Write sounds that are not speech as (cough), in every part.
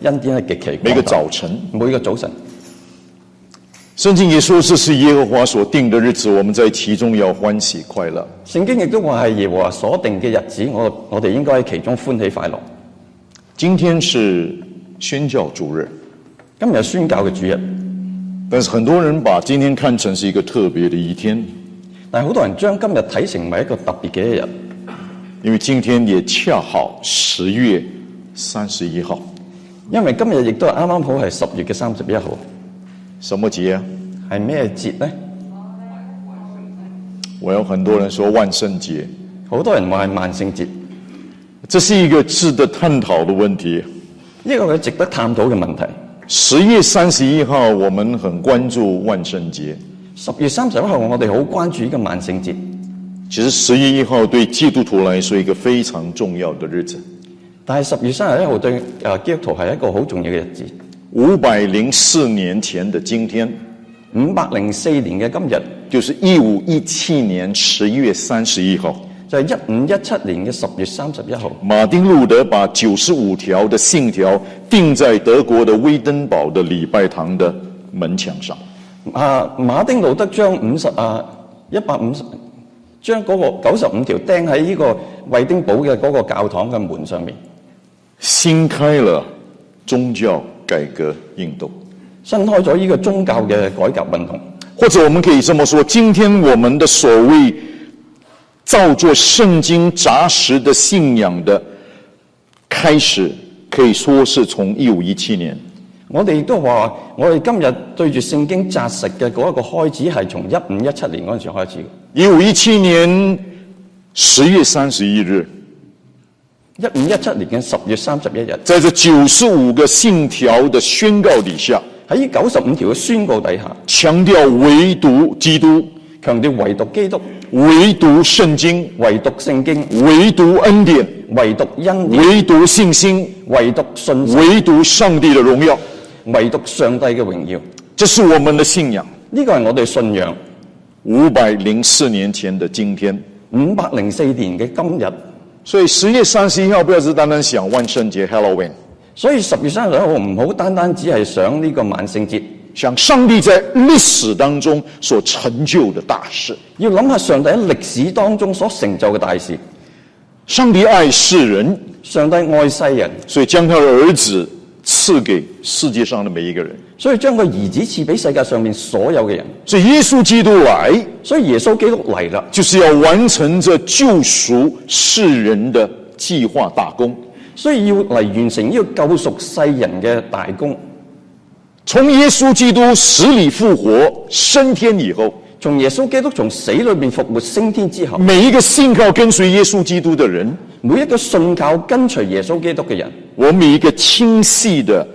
因啲係極其，每個早晨，每一個早晨，聖經也說這是耶和華所定的日子，我們在其中要歡喜快樂。聖經亦都話係耶和華所定嘅日子，我我哋應該喺其中歡喜快樂。今天是宣教主日，今日宣教嘅主日，但是很多人把今天看成是一個特別嘅一天。但係好多人將今日睇成為一個特別嘅一日，因為今天也恰好十月三十一號。因為今日亦都係啱啱好係十月嘅三十一號，什麼節啊？係咩節咧？我有很多人說萬聖節，好多人話係萬聖節，這是一個值得探討的問題，呢個值得探討嘅問題。十月三十一號，我們很關注萬聖節。十月三十一號，我哋好關注呢個萬聖節。其實十月一號對基督徒來說一個非常重要的日子。但係十月三十一號對誒基督徒係一個好重要嘅日子，五百零四年前嘅今天，五百零四年嘅今、就是、今日，就是一五一七年十一月三十一號。就係一五一七年嘅十月三十一號，馬丁路德把九十五條嘅信條釘在德國的威登堡的禮拜堂的門牆上。啊，馬丁路德將五十啊一百五十將個九十五條釘喺呢個威登堡嘅嗰個教堂嘅門上面。新開了宗教改革運動，新開咗呢個宗教嘅改革運動，或者我們可以這麼說，今天我們的所謂照着聖經扎實的信仰的開始，可以說是從一五一七年。我哋都話，我哋今日對住聖經扎實嘅嗰一個開始，係從一五一七年嗰陣時開始。一五一七年十月三十一日。一五一七年嘅十月三十一日，在這九十五個信條的宣告底下，喺九十五條嘅宣告底下，強調唯獨基督，強調唯獨基督，唯獨聖經，唯獨聖經，唯獨恩典，唯獨恩典，唯獨信心，唯獨信，唯獨上帝嘅榮耀，唯獨上帝嘅榮耀，這是我們的信仰，呢個係我哋信仰。五百零四年前的今天，五百零四年嘅今日。所以十月三十一號，不要只單單想萬聖節 Halloween。所以十月三十一號唔好單單只係想呢個萬聖節，想上帝在歷史當中所成就的大事。要諗下上帝喺歷史當中所成就嘅大事。上帝愛世人，上帝愛世人，所以將佢嘅兒子，賜給世界上的每一個人，所以將個兒子賜給世界上面所有嘅人。所以耶穌基督來，所以耶穌基督嚟啦，就是要完成這救贖世人的計劃大功。所以要嚟完成呢個救贖世人的大功。從耶穌基督死裏復活升天以後，從耶穌基督從死裏面復活升天之後，每一個信靠跟隨耶穌基督的人。每一個信靠跟隨耶穌基督嘅人，我每一個我們有一個清晰的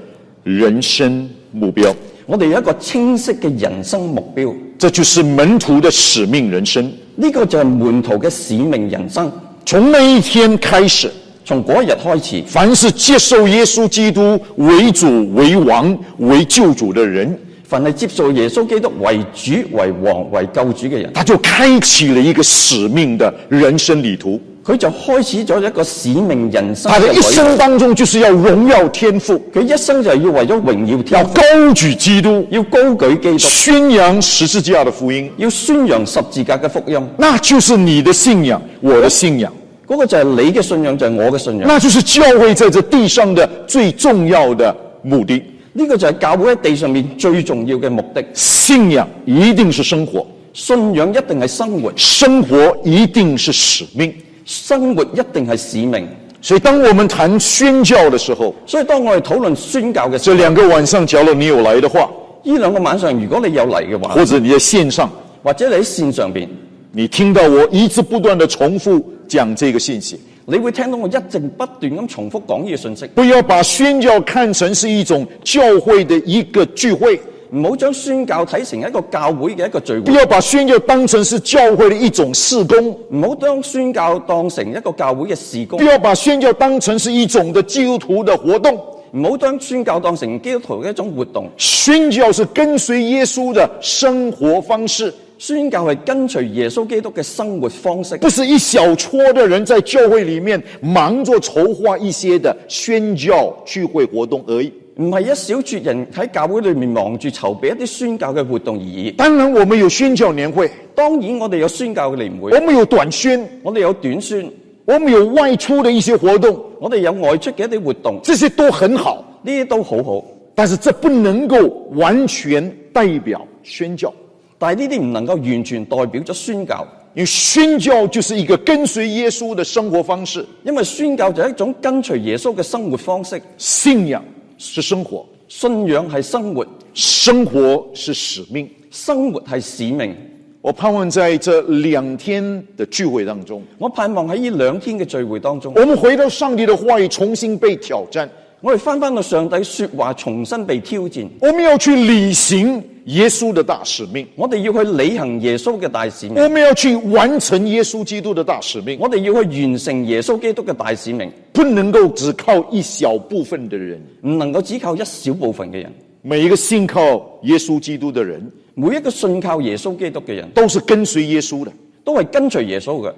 人生目標。我哋有一個清晰嘅人生目標，這就是門徒嘅使命人生。呢、這個就係門徒嘅使命人生。從那一天開始，從嗰一日開始，凡是接受耶穌基督為主、為王、為救主嘅人，凡係接受耶穌基督為主、為王、為救主嘅人，他就開啟了一個使命的人生旅途。佢就開始咗一個使命人生。佢一生當中就是要榮耀天父，佢一生就係要為咗榮耀天父。要高舉基督，要高舉基督，宣揚十字架的福音，要宣揚十字架嘅福音。那就是你的信仰，我的信仰，嗰個就係你嘅信仰，就係我嘅信仰。那就是教會在這地上的最重要的目的。呢個就係教會喺地上面最重要嘅目的。信仰一定是生活，信仰一定係生活，生活一定是使命。生活一定係使命，所以當我們談宣教的時候，所以當我哋討論宣教嘅時候，這兩個晚上，假如你有來嘅話，呢兩個晚上，如果你有來嘅話，或者你喺線上，或者你喺線上邊，你聽到我一直不斷地重複講這個信息，你會聽到我一直不斷咁重複講呢個信息。不要把宣教看成是一種教會的一個聚會。唔好將宣教睇成一個教會嘅一個聚會，不要把宣教當成是教會的一種事工。唔好將宣教當成一個教會嘅事工，不要把宣教當成是一種的基督徒的活動。唔好將宣教當成基督徒嘅一種活動。宣教是跟隨耶穌的生活方式，宣教係跟隨耶穌基督嘅生活方式，不是一小撮的人在教會裏面忙着籌劃一些的宣教聚會活動而已。唔係一小撮人喺教會裏面忙住籌備一啲宣教嘅活動而已。當然，我們有宣教年會，當然我哋有宣教嘅年會。我們有短宣，我哋有短宣，我們有外出嘅一些活動，我哋有外出嘅一啲活動，這些都很好，呢啲都好好。但是這不能夠完全代表宣教，但係呢啲唔能夠完全代表咗宣教，而宣教就是一個跟隨耶穌嘅生活方式，因為宣教就係一種跟隨耶穌嘅生活方式，信仰。是生活，信仰係生活，生活是使命，生活係使命。我盼望在這兩天的聚會當中，我盼望喺呢兩天嘅聚會當中，我們回到上帝的話語，重新被挑戰。我哋翻返到上帝說話，重新被挑戰。我們要去履行，耶穌的大使命，我哋要去履行耶穌嘅大使命，我們要去完成耶穌基督嘅大使命，我哋要去完成耶穌基督嘅大，大使命，不能夠只靠一小部分嘅人，唔能夠只靠一小部分嘅人。每一個信靠耶穌基督嘅人，每一個信靠耶穌基督嘅人，都是跟隨耶穌的，都係跟隨耶穌嘅。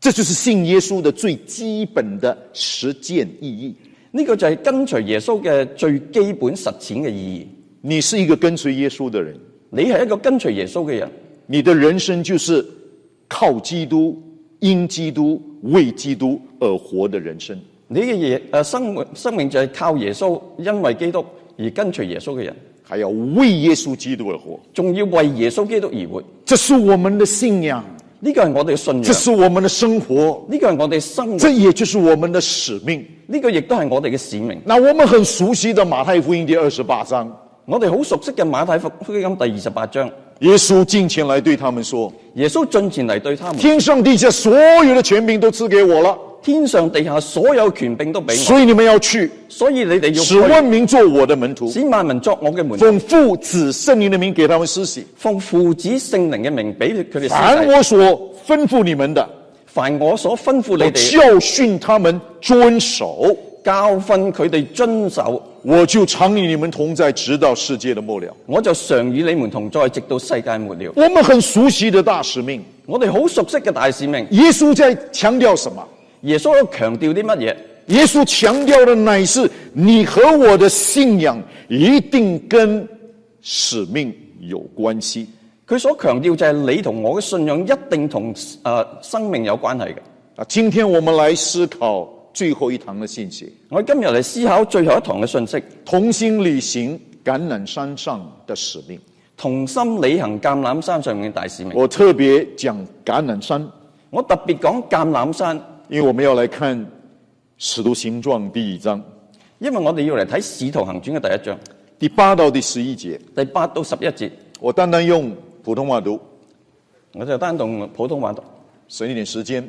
這就是信耶穌的最基本的實踐意義。呢、這個就係跟隨耶穌嘅最基本實踐嘅意義。你是一個跟隨耶穌的人，你係一個跟隨耶穌嘅人，你的人生就是靠基督、因基督、為基督而活的人生。你嘅耶誒生命生命就係靠耶穌，因為基督而跟隨耶穌嘅人，還要為耶穌基督而活，仲要為耶穌基督而活，這是我們的信仰。呢個係我哋嘅信仰，這是我們嘅生活。呢個係我哋嘅生活，這也就是我們嘅使命。呢個亦都係我哋嘅使命。那我們很熟悉的馬太福音第二十八章。我哋好熟悉嘅馬太福音第二十八章，耶穌進前來對他們說：耶穌進前來對他們，天上地下所有的權柄都賜給我啦，天上地下所有權柄都俾我，所以你們要去，所以你哋要去，使萬民做我的門徒，使萬民作我嘅門徒，奉父子聖靈嘅名給他們施洗，奉父子聖靈嘅名俾佢哋。凡我所吩咐你們的，凡我所吩咐你哋，教訓他們遵守，教訓佢哋遵守。我就常與你們同在，直到世界的末了。我就常與你們同在，直到世界末了。我們很熟悉的大使命，我哋好熟悉嘅大使命。耶穌在強調什麼？耶穌強調啲乜嘢？耶穌強調的乃是你和我的信仰一定跟使命有關係。佢所強調就係你同我嘅信仰一定同、呃、生命有關係嘅。啊，今天我們來思考。最後一堂的信息，我今日嚟思考最後一堂嘅信息。同心履行橄欖山上嘅使命，同心履行橄欖山上面嘅大使命。我特別講橄欖山，我特別講橄欖山，因為我們要嚟看使徒行傳第一章，因為我哋要嚟睇使徒行傳嘅第一章第八到第十一節，第八到十一節，我單單用普通話讀，我就單懂普通話讀，省一點時間。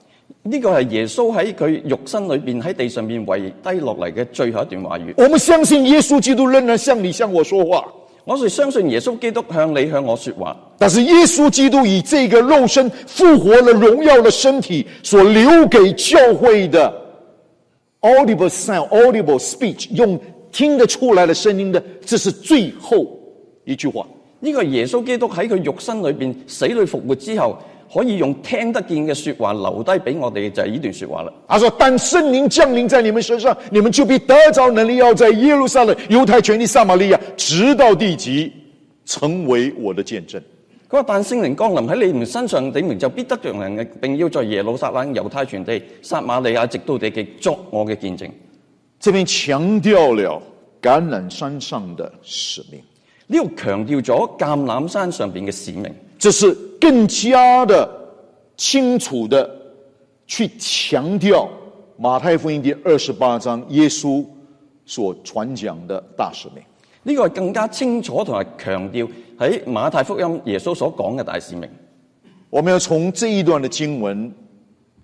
呢、這個係耶穌喺佢肉身裏邊喺地上面遺低落嚟嘅最後一段話語。我們相信耶穌基督仍然向你向我說話，我是相信耶穌基督向你向我說話。但是耶穌基督以這個肉身復活了榮耀的身體所留給教會的 audible sound, audible speech，用聽得出來嘅聲音嘅，這是最後一句話。呢、這個係耶穌基督喺佢肉身裏邊死裏復活之後。可以用聽得見嘅說話留低俾我哋，就係、是、呢段說話啦。他說：但聖靈降臨在你們身上，你們就必得着能力，要在耶路撒冷、猶太全地、撒瑪利亞，直到地極，成為我的見證。佢但聖靈降臨喺你們身上，你們就必得着能力，並要在耶路撒冷、猶太全地、撒瑪利亞，直到地極，作我嘅見證。這邊強調了橄欖山上的使命，呢度強調咗橄欖山上邊嘅使命，就是。更加的清楚的去強調馬太福音第二十八章耶穌所傳講的大使命，呢個更加清楚同埋強調喺馬太福音耶穌所講嘅大使命。我們要從這一段嘅經文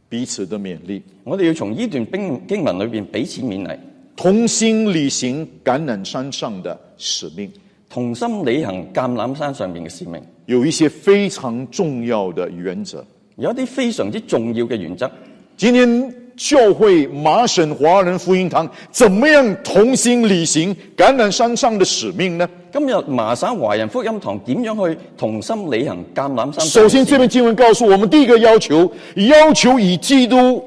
彼此的勉勵，我哋要從呢段經經文裏邊彼此勉勵，同心履行橄欖山上的使命，同心履行橄欖山上邊嘅使命。有一些非常重要的原則，有一啲非常之重要嘅原則，今天教會麻省華人福音堂，怎麼樣同心履行橄欖山上的使命呢？今日麻省華人福音堂點樣去同心履行橄欖山？首先，這篇經文告訴我們第一個要求，要求以基督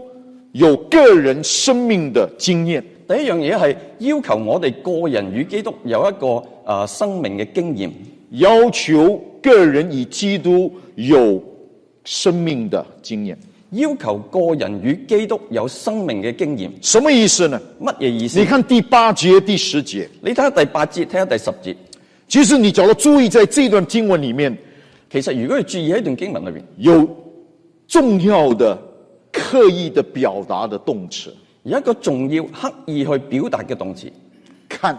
有個人生命的經驗。第一樣嘢係要求我哋個人與基督有一個呃生命嘅經驗。要求。個人與基督有生命的經驗，要求個人與基督有生命嘅經驗，什麼意思呢？乜嘢意思？你看第八節、第十節，你睇下第八節，睇下第十節。其實你只要注意，在這段經文裏面，其實如果你注意喺段經文裏面有重要的刻意的表達的動詞，一個重要刻意去表達嘅動詞，看、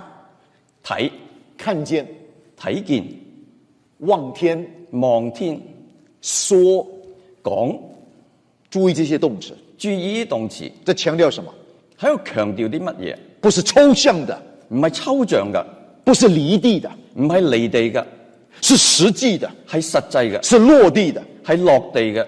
睇、看見、睇見。望天、望天、說講，注意這些動詞，注意這些動詞，這強調什麼？還要強調啲乜嘢？不是抽象的，唔係抽象的，不是離地的，唔係離地嘅，是實際的，係實際的，是落地的，係落地的，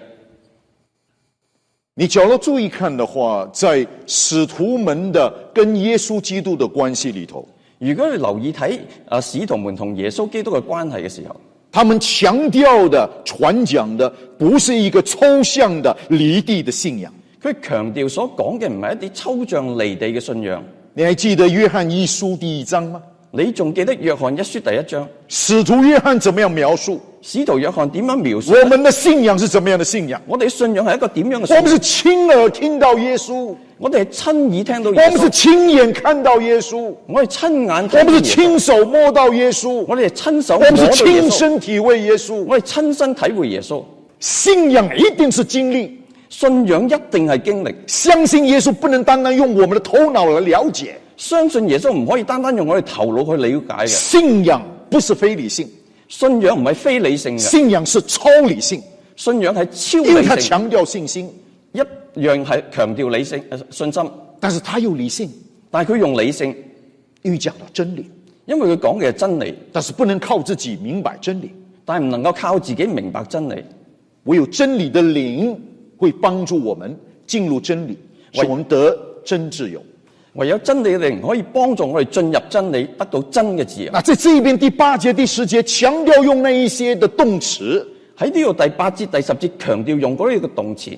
你角落注意看的話，在使徒們的跟耶穌基督的關係裏頭，如果你留意睇啊，使徒們同耶穌基督的關係嘅時候。他們強調的、傳講的，不是一個抽象的、離地的信仰。佢強調所講嘅唔係一啲抽象離地嘅信仰。你還記得約翰一書第一章嗎？你仲記得約翰一書第一章？使徒約翰怎麼樣描述？使徒約翰點樣描述？我們的信仰是怎麼樣的信仰？我們的信仰係一個點樣嘅信仰？我們是親耳聽到耶穌。我們是親耳聽到耶穌，我哋親眼看到耶穌，我哋親眼。我哋親，親手摸到耶穌，我哋親手。我哋親身體會耶穌，我們是親身體會耶穌。信仰一定是經歷，信仰一定是經歷。相信耶穌不能單單用我們的頭腦來了解，相信耶穌不可以單單用我們的頭腦去了解嘅。信仰不是非理性，信仰唔係非理性嘅，信仰是超理性，信仰係超理性。因為他強調信心。讓係強調理性誒信心，但是他有理性，但係佢用理性遇着到真理，因為佢講嘅係真理，但是不能靠自己明白真理，但係唔能夠靠自己明白真理，唯有真理的靈會幫助我們進入真理，我們得真自由。唯有真理的靈可以幫助我哋進入真理，得到真嘅自由。嗱，即係呢邊第八節第十節強調用那一些的動詞，喺呢個第八節第十節強調用嗰啲嘅動詞。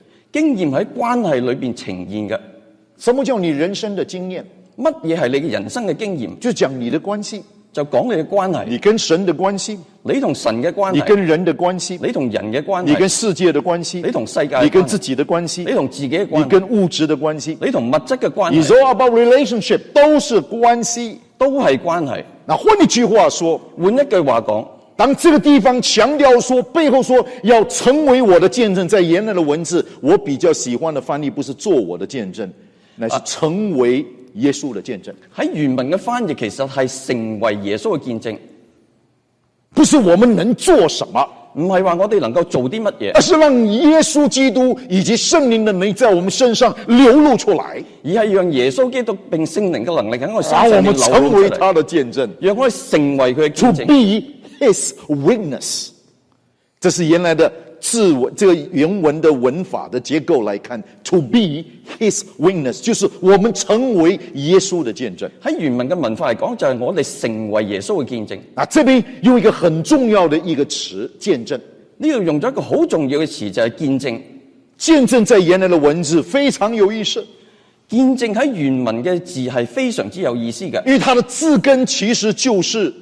經驗喺關係裏邊呈現嘅，什麼叫你人生的經驗？乜嘢係你嘅人生嘅經驗？就講你的關係，就講你嘅關係，你跟神的關係，你同神嘅關係，你跟人的關係，你同人嘅關係，你跟世界的關係，你同世界的關係，你跟自己的關係，你同自己的關係，你跟物質的關係，你同物質嘅關係。你說：「about relationship」，都是關係，都係關係。嗱，換一句話說，換一句話講。當這個地方強調說，背後說要成為我的見證，在原來的文字，我比較喜歡的翻譯不是“做我的見證”，乃是“成為耶穌的見證”啊。喺原本的翻譯，其實是成為耶穌的見證，不是我們能做什麼，唔係話我哋能夠做啲乜嘢，而是讓耶穌基督以及聖靈的美在我們身上流露出來，而係讓耶穌基督並聖靈嘅能力能夠使、啊、我們成為他的見證，讓我成為佢嘅見證。His witness，這是原來的字文，這個原文的文法的結構來看，to be his witness 就是我們成為耶穌的見證。喺原文嘅文化嚟講，就係我哋成為耶穌嘅見證。啊，這邊用一個很重要的一個詞“見證”，你要用咗一個好重要嘅詞就係“見證”。見證在原來的文字非常有意思。見證喺原文嘅字係非常之有意思嘅，因為它的字根其實就是。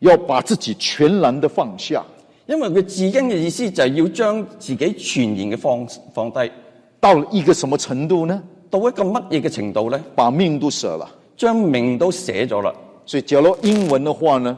要把自己全然的放下，因為佢字音嘅意思就係要將自己全然嘅放放低，到一個什麼程度呢？到一個乜嘢嘅程度咧？把命都捨啦，將命都捨咗啦。所以，假如英文嘅話呢，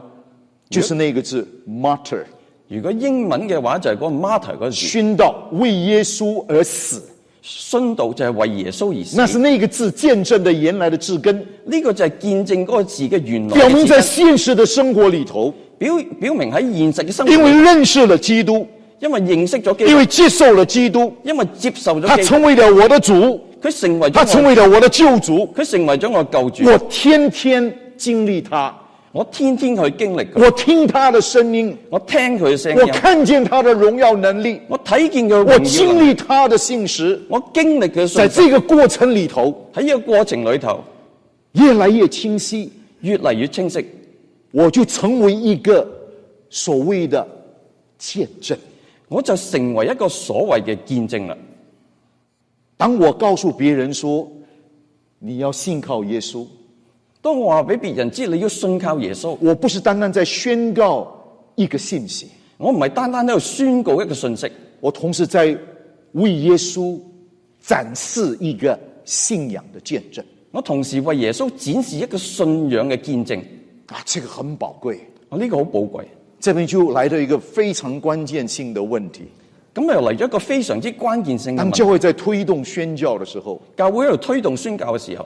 就是那個字 martyr。如果，martyr，如果英文嘅話就係個 martyr 個殉道為耶穌而死。殉道就是為耶穌而死。那是那個字見證的原來的字根，呢、這個就是見證嗰幾個字的原來的。表明在現實的生活裏頭，表表明喺現實的生活。因為認識了基督，因為認識了基督，因為接受了基督，因為接受咗。他成為了我的主，佢成為。他成為了我的救主，佢成為咗我的救主，成為了我的救主。我天天經歷他。.我天天去經歷他。我聽他的聲音，我聽他的聲音。我看見他的榮耀能力，我睇見佢。我經歷他的信實，我經歷佢。在這個過程裏頭，在一個過程裏頭，越來越清晰，越來越清晰，我就成為一個所謂的見證，我就成為一個所謂的見證了，當我告訴別人說，你要信靠耶穌。當我話俾別人知，你要信靠耶穌，我不是單單在宣告一個信息，我唔係單單喺度宣告一個信息，我同時在為耶穌展示一個信仰嘅見證，我同時為耶穌展示一個信仰嘅見證啊！這個很寶貴，啊，呢個好寶貴。這邊就來到一個非常關鍵性嘅問題，咁又嚟咗一個非常之關鍵性嘅。當教會在推動宣教嘅時候，教會喺度推動宣教嘅時候。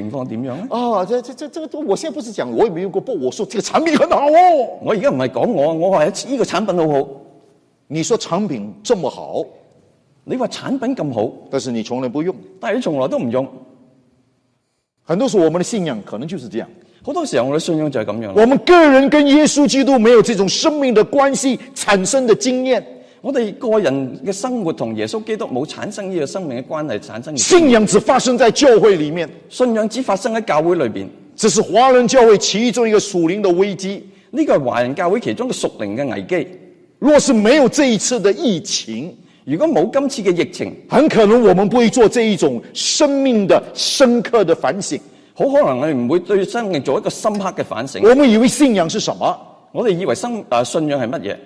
情況點樣咧？啊、哦，這、這、這、這個、啊，我現在不是講，我也沒用過，不，我說這個產品很好。哦，我而家唔係講我，我話呢個產品好好。你說產品這麼好，你話產品咁好，但是你從來不用，但係從來都唔用，很多時候我們的信仰，可能就是這樣。好多時候我們的信仰就係咁樣。我們個人跟耶穌基督沒有這種生命的關係產生的經驗。我哋個人嘅生活同耶穌基督冇產生呢個生命嘅關係，產生信仰只發生在教會裏面，信仰只發生喺教會裏邊，這是華人教會其中一個屬靈的危機。呢個係華人教會其中一個屬靈嘅危機。若是沒有這一次的疫情，如果冇今次嘅疫情，很可能我們不會做這一種生命嘅深刻的反省，好可能係唔會對生命做一個深刻嘅反省。我們以為信仰是什麼？我哋以為生誒，信仰係乜嘢？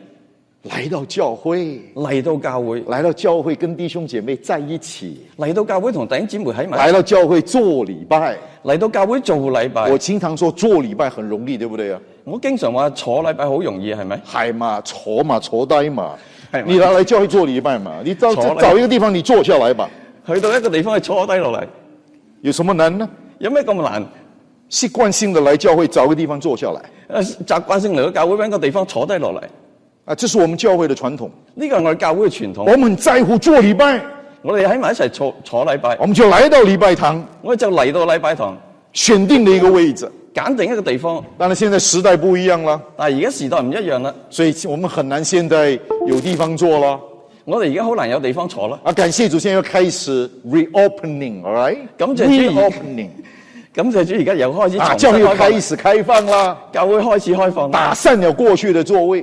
嚟到教會，嚟到教會，嚟到，到教會跟弟兄姐妹在一起。嚟到教會同弟兄姐妹喺埋。嚟到教會做禮拜，嚟到教會做禮拜。我經常說做禮拜很容易，對不對啊？我經常話坐禮拜好容易，係咪？係嘛，坐嘛，坐低嘛。你嚟嚟教會做禮拜嘛？你到找一個，你到一個地方你坐下來吧。去到一個地方去坐低落嚟，有什麼難呢？有咩咁難？習慣性的嚟教會，找個地方坐下來。誒，習慣性嚟到教會搵個地方坐低落嚟。啊！這是我們教會的傳統，呢個係我哋教會嘅傳統。我們在乎做禮拜，我哋喺埋一齊坐坐禮拜，我們就來到禮拜堂，我哋就嚟到禮拜堂，選定一個位置，揀定一個地方。但係現在時代不一樣啦，但係而家時代唔一樣啦，所以我們很難現在有地方坐啦。我哋而家好難有地方坐啦。啊，感謝主，先要開始 reopening，right？reopening，咁就、right? 而家又開始教會、right? 開始開放啦、啊，教會開始開放，開始開放，打散了過去的座位。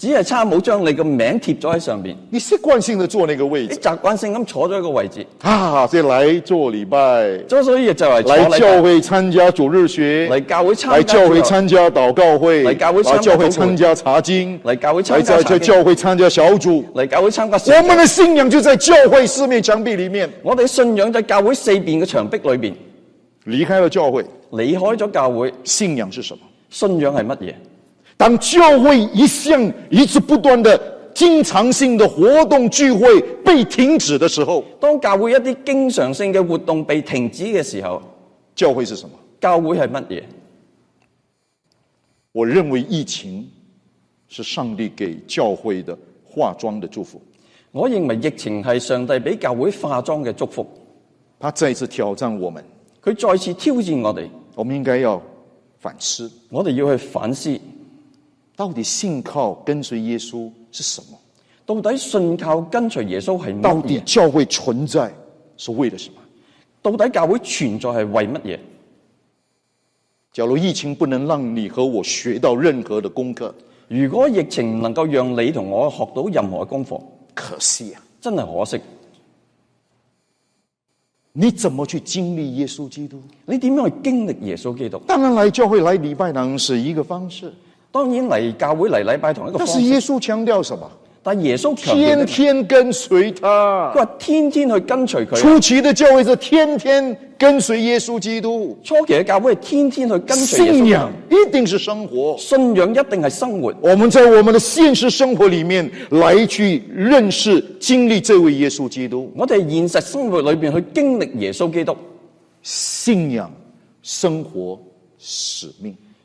只係差冇將你個名貼咗喺上邊，你習慣性地坐呢個位置，你習慣性咁坐咗一個位置，啊，即係嚟做禮拜。所以就係嚟教，教會參加主日學，嚟教會參加，嚟教會參加禱告會，嚟教會參加會，會參加查經，嚟教會參加，會參加，會，參加會參加小組，嚟教會參加。我們的信仰就在教會四面牆壁裏面，我哋信仰在教會四邊嘅牆壁裏邊。離開了教會，離開咗教會，信仰是什麼？信仰係乜嘢？嗯當教會一向一直不斷的經常性的活動聚會被停止的時候，當教會一啲經常性嘅活動被停止嘅時候，教會是什麼？教會係乜嘢？我認為疫情是上帝給教會的化妝的祝福。我認為疫情係上帝俾教會化妝嘅祝福。他再次挑戰我們，佢再次挑戰我哋，我們應該要反思，我哋要去反思。到底信靠跟隨耶穌是什麼？到底信靠跟隨耶穌係乜嘢？到底教會存在是為了什麼？到底教會存在係為乜嘢？假如疫情不能讓你和我學到任何的功課，如果疫情唔能夠讓你同我學到任何功課，可惜啊，真係可惜。你怎麼去經歷耶穌基督？你點樣去經歷耶穌基督？當然，來教會、來禮拜堂是一個方式。當然嚟教會嚟禮拜同一個方式，但是耶穌強調什麼？但耶穌天天跟隨他，佢話天天去跟隨佢。初期的教會就天天跟隨耶穌基督，初期嘅教會是天天去跟隨。信仰一定是生活，信仰一定係生活。我們在我們的現實生活裏面，來去認識、經歷這位耶穌基督。我哋現實生活裏面去經歷耶穌基督，信仰、生活、使命。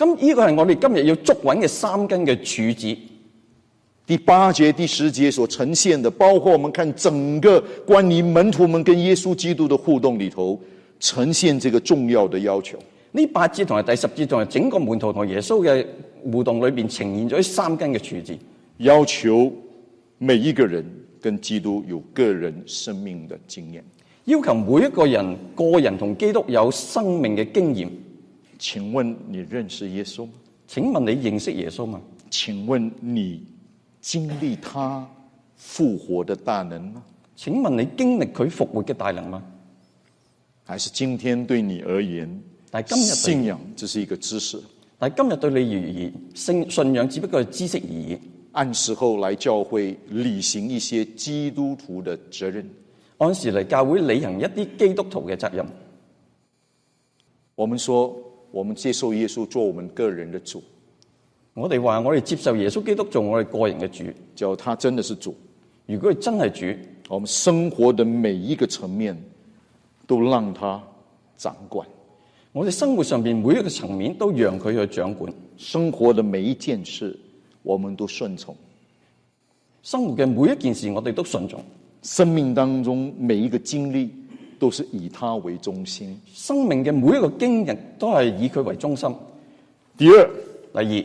咁、這、呢個係我哋今日要捉穩嘅三根嘅柱子，第八節、第十節所呈現的，包括我們看整個關於門徒們跟耶穌基督的互動裏頭呈現這個重要的要求。呢八節同埋第十節同埋整個門徒同耶穌嘅互動裏邊呈現咗三根嘅柱子，要求每一個人跟基督有個人生命的經驗，要求每一個人個人同基督有生命嘅經驗。請問你認識耶穌嗎？請問你認識耶穌嗎？請問你經歷他復活的大能嗎？請問你經歷佢復活嘅大能嗎？還是今天對你而言，但係今日信仰只是一個知識。但今日對你而言，信信仰只不過係知識而已。按時候來教會履行一些基督徒的責任，按時嚟教會履行一啲基督徒嘅責任。我們說。我們接受耶穌做我們個人的主，我哋話我哋接受耶穌基督做我哋個人嘅主，就他真的是主。如果佢真係主，我們生活的每一個層面都讓他掌管。我哋生活上邊每一個層面都讓佢去掌管。生活的每一件事，我們都順從。生活嘅每一件事，我哋都順從。生命當中每一個經歷。都是以他為中心，生命嘅每一個經驗都係以佢為中心。第二，第二，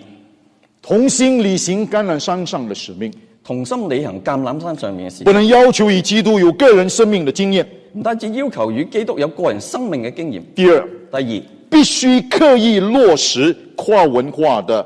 同心履行橄欖山上的使命，同心履行橄欖山上面嘅事。不能要求以基督有個人生命嘅經驗，唔單止要求與基督有個人生命嘅經驗。第二，第二，必須刻意落實跨文化的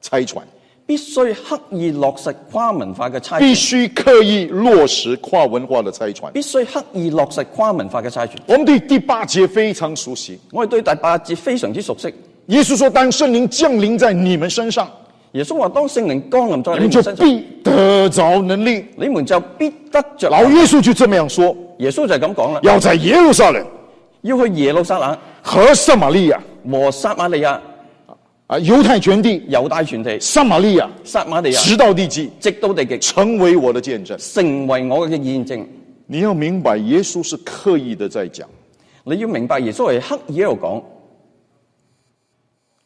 差傳。必須刻意落實跨文化嘅差傳，必須刻意落實跨文化的差傳，必須刻意落實跨文化嘅差傳。我哋對第八節非常熟悉，我哋對第八節非常之熟悉。耶穌說：當聖靈降臨在你們身上，耶穌話：當聖靈降臨在你們身上，你們就必得着能力。你們就必得着能力。老耶穌就這麼樣說，耶穌就係咁講啦。要在耶路撒冷，要去耶路撒冷，和撒瑪利亞，和撒瑪利亞。啊！猶太全地，猶大全地，撒馬利亞、撒馬利亞，直到地極，直到地極，成為我的見證，成為我的見證。你要明白，耶穌是刻意的在講。你要明白，耶穌係刻意講。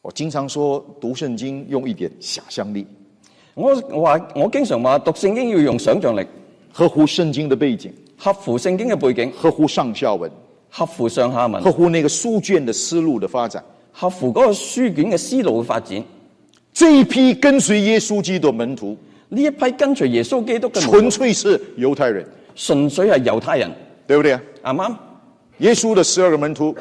我經常說，讀聖經用一點想象力。我我話，我經常話，讀聖經要用想象力，合乎聖經的背景，合乎聖經嘅背景，合乎上下文，合乎上下文，合乎那個書卷的思路的發展。合乎嗰個書卷嘅思路嘅發展。這一批跟隨耶穌基督的門徒，呢一批跟隨耶穌基督嘅純粹是猶太人，純粹係猶太人，對不對啊？啱唔啱？耶穌的十二個門徒，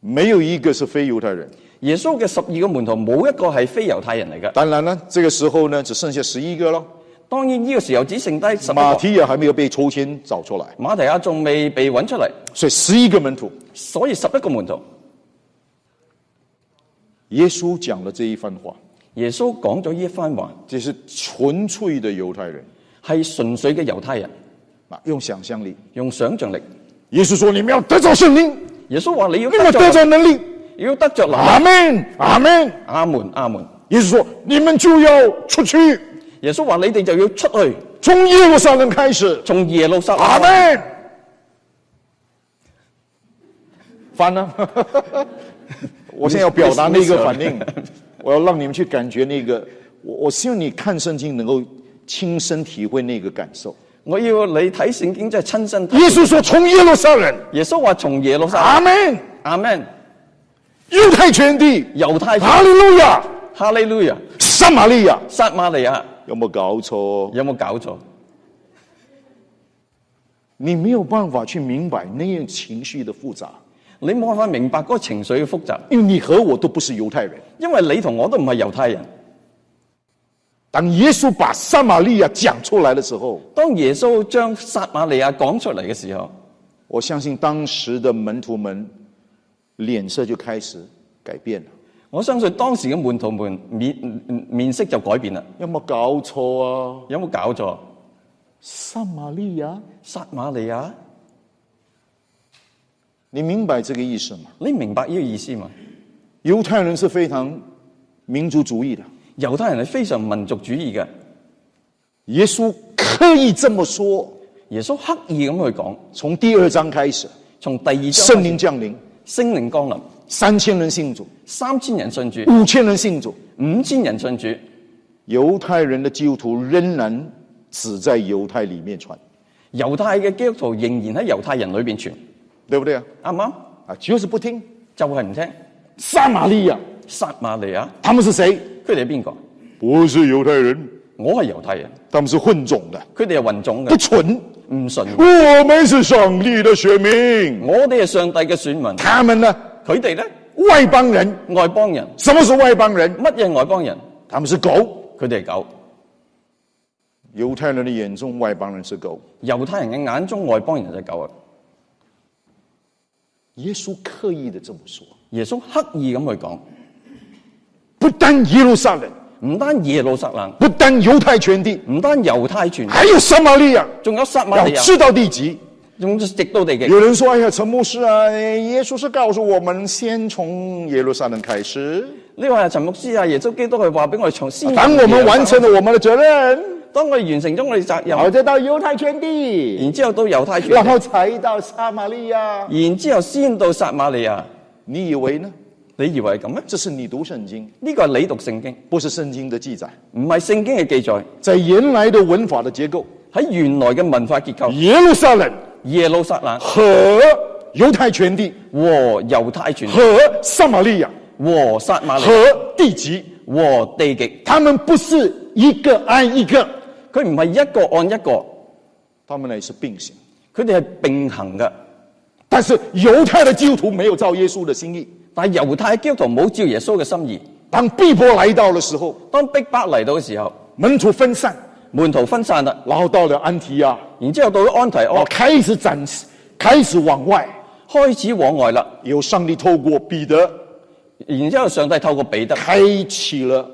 沒有一個是非猶太人。耶穌嘅十二個門徒冇一個係非猶太人嚟嘅。當然啦，這個時候呢，只剩下十一個咯。當然呢個時候只剩低馬提亞還沒有被抽籤找出來，馬提亞仲未被揾出嚟，所以十一個門徒。所以十一個門徒。耶穌講了這一番話。耶穌講咗一番話，這是純粹的猶太人，係純粹嘅猶太人。啊，用想象力，用想象力。耶穌說你們要得着聖靈。耶穌話你，你要得着能力，要得着。阿門，阿門，阿門，阿門。耶穌說你們就要出去。耶穌話你哋就要出去，從耶路撒冷開始，從耶路撒冷開始。阿門。翻啦。 (laughs) 我現在要表達那個反應，我要讓你們去感覺那個。我我希望你看聖經能夠親身體會那個感受。我要你睇聖經在親身，在身。耶穌說從耶路撒冷，耶穌話從耶路撒人。阿門，阿門。猶太全地，猶太全地。哈利路亞，哈利路亞。撒瑪利亞，撒瑪利亞。有冇搞錯？有冇搞錯？你沒有辦法去明白那樣情緒的複雜。你冇法明白嗰情緒嘅複雜。因為你和我都不是猶太人，因為你同我都唔係猶太人。當耶穌把撒瑪利亞講出來的時候，當耶穌將撒瑪利亞講出嚟嘅時候，我相信當時的門徒們臉色就開始改變了。我相信當時嘅門徒們面面色就改變啦。有冇搞錯啊？有冇搞錯？撒瑪利亞，撒瑪利亞。你明白這個意思嗎？你明白呢個意思嗎？猶太人是非常民族主義的，猶太人係非常民族主義嘅。耶穌刻意這麼說，耶穌刻意咁去講。從第二章開始，從第二章聖靈降臨，聖靈降臨三，三千人信主，三千人信主，五千人信主，五千人信主。猶太人的基督徒仍然只在猶太裏面傳，猶太嘅基督徒仍然喺猶太人裏邊傳。對不對啊？啱唔啱？啊，主要是不聽就係、是、唔聽。撒瑪利亞，撒瑪利亞，他們是誰？佢哋係邊個？我是猶太人，我係猶太人，他們是混種的，佢哋係混種嘅，不純，唔純。我們是上帝的選民，我哋係上帝嘅選民，他們呢？佢哋呢？外邦人，外邦人，什麼是外邦人？乜嘢外邦人？他們是狗，佢哋係狗。猶太人嘅眼中，外邦人是狗；猶太人嘅眼中，外邦人係狗啊！耶穌刻意的這麼說，耶穌刻意咁去講，不單耶路撒冷，唔單耶路撒冷，不單猶太全地，唔單猶太全地，還有撒瑪利亞，仲有撒瑪利亞，要知道地極，總之直到地極。有人說：“哎呀，陳牧師啊，耶穌是告訴我們，先從耶路撒冷開始。”另外，陳牧師啊，耶穌基督係話俾我哋從四，等我們完成了我們的責任。當我完成咗我哋責任，然之後到猶太全地，然之後到猶太然後才到撒瑪利亞，然之後先到撒瑪利亞。你以為呢？你以為咁咩？這是你讀聖經，呢個係你讀聖經，不是聖經的記載，唔係聖經嘅記載，在原來嘅文法嘅結構，喺原來嘅文化結構。耶路撒冷、耶路撒冷和猶太全地和猶太全地和撒瑪利亞和撒瑪利亞和地極和地極，他們不是一個挨一個。佢唔係一個按一個，他們呢是並行，佢哋係並行嘅。但是猶太嘅基督徒沒有照耶穌嘅心意，但係猶太的基督徒冇照耶穌嘅心意。當逼迫來到嘅時候，當逼迫嚟到嘅時候，門徒分散，門徒分散啦，然後到了安提亞，然之後到了安提亞開始展，開始往外，開始往外啦。由上帝透過彼得，然之後上帝透過彼得，開啟了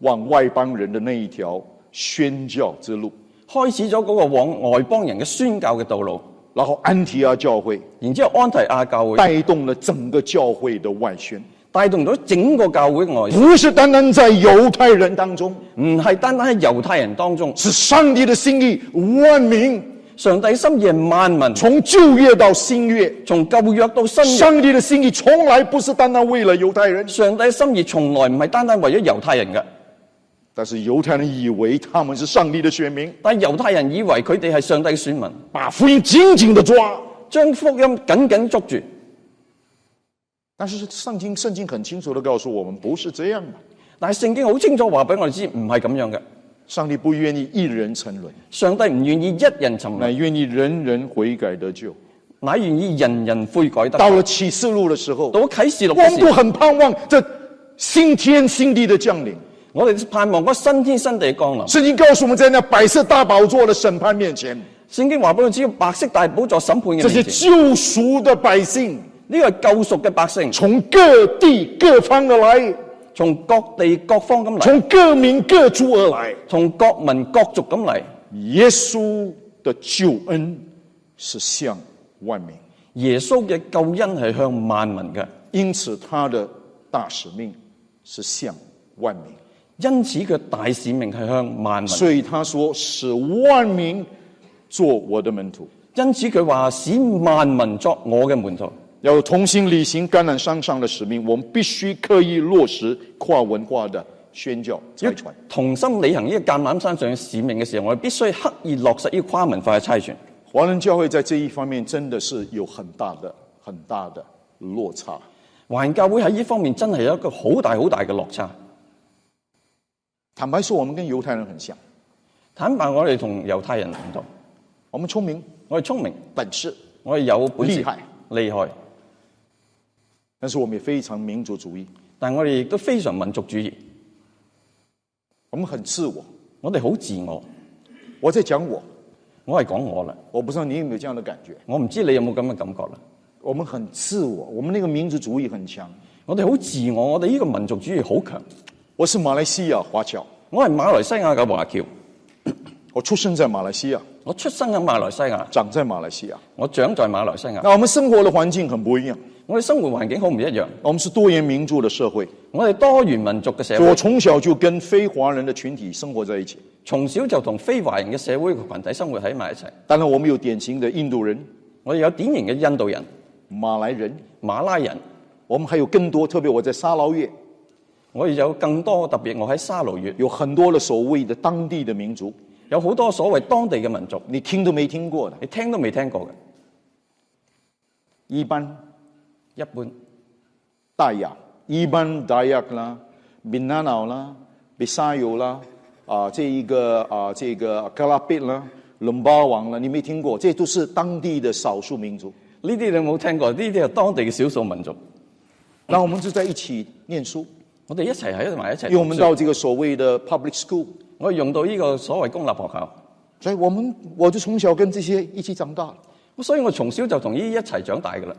往外邦人的那一條。宣教之路開始咗嗰個往外邦人嘅宣教嘅道路，然後安提阿教會，然之後安提阿教會帶動咗整個教會嘅外宣，帶動咗整個教會的外宣，不是單單在猶太人當中，唔係單單喺猶太人當中，是上帝的心意，萬民，上帝心意萬民，從舊約到新約，從舊約到新，上帝的心意從來不是單單為了猶太人，上帝心意從來唔係單單為咗猶太人嘅。但是猶太人以為他們是上帝的選民，但猶太人以為佢哋係上帝嘅選民，把福音緊緊地抓，將福音緊緊捉住。但是聖經聖經很清楚地告訴我們，不是這樣的。但是聖經好清楚話俾我哋知，唔係咁樣嘅。上帝不願意一人沉淪，上帝唔願意一人沉淪，乃願意人人悔改得救，乃願意人人悔改得救。到了啟示錄嘅時候，都開始喇，我都很盼望這新天新地的降臨。我哋盼望我新天新地降臨，聖經告訴我們，在那白色大寶座的審判面前，聖經話俾我知，白色大寶座審判嘅，這是救贖的百姓，呢個係救贖嘅百姓，從各地各方而來，從各地各方咁嚟，從各民各族而來，從各民各族咁嚟。耶穌嘅救恩是向萬民，耶穌嘅救恩係向萬民嘅，因此，他的大使命是向萬民。因此佢大使命係向萬民，所以他說使萬民做我的門徒。因此佢話使萬民作我嘅門徒。要重新履行橄欖山上嘅使命，我們必須刻意落實跨文化的宣教差傳。重新履行呢個橄欖山上嘅使命嘅時候，我哋必須刻意落實呢個跨文化嘅差傳。華人教會在這一方面，真的是有很大的、很大的落差。華人教會喺呢方面真係有一個好大、好大嘅落差。坦白說，我們跟猶太人很像。坦白，我哋同猶太人唔同。 (laughs) 我們聰明，我哋聰明，本事，我哋有本事，厲害，厲害。但是我們也非常民族主義，但我哋亦都非常民族主義。我們很自我，我哋好自我。我即係講我，我係講我啦。我不知道你有冇這樣的感覺。我唔知你有冇咁嘅感覺啦。我們很自我，我們呢個民族主義很強。我哋好自我，我哋呢個民族主義好強。我是馬來西亞華僑，我係馬來西亞嘅華僑。 (coughs) 我出生在馬來西亞，我出生喺馬來西亞，長在馬來西亞，我長在馬來西亞。那我們生活的環境很不一樣，我哋生活環境好唔一樣。我們是多元民族嘅社會，我哋多元民族嘅社會。我從小就跟非華人的群體生活在一起，從小就同非華人嘅社會個羣體生活喺埋一齊。但係我們有典型的印度人，我們有典型嘅印度人、馬來人、馬拉人，我們還有更多。特別我在沙勞越。我哋有更多特別，我喺沙羅越有很多嘅所謂嘅當地嘅民族，有好多所謂當地嘅民族，你聽都未聽過嘅，你聽都未聽過嘅。伊班、一般、大雅、伊班、大雅啦、Binnana 啦、b 比沙尤啦、呃這個呃這個，啊，這一個啊，這個卡拉比啦、隆巴王啦，你未聽過，這都是當地嘅少數民族。呢啲你冇聽過，呢啲係當地嘅少數民族。那我們就在一起念書。我哋一齊喺埋一齊。用唔到呢個所謂嘅 public school，我用到呢個所謂公立學校。所以我，我們我就從小跟這些一起長大。所以我從小就同呢啲一齊長大噶啦。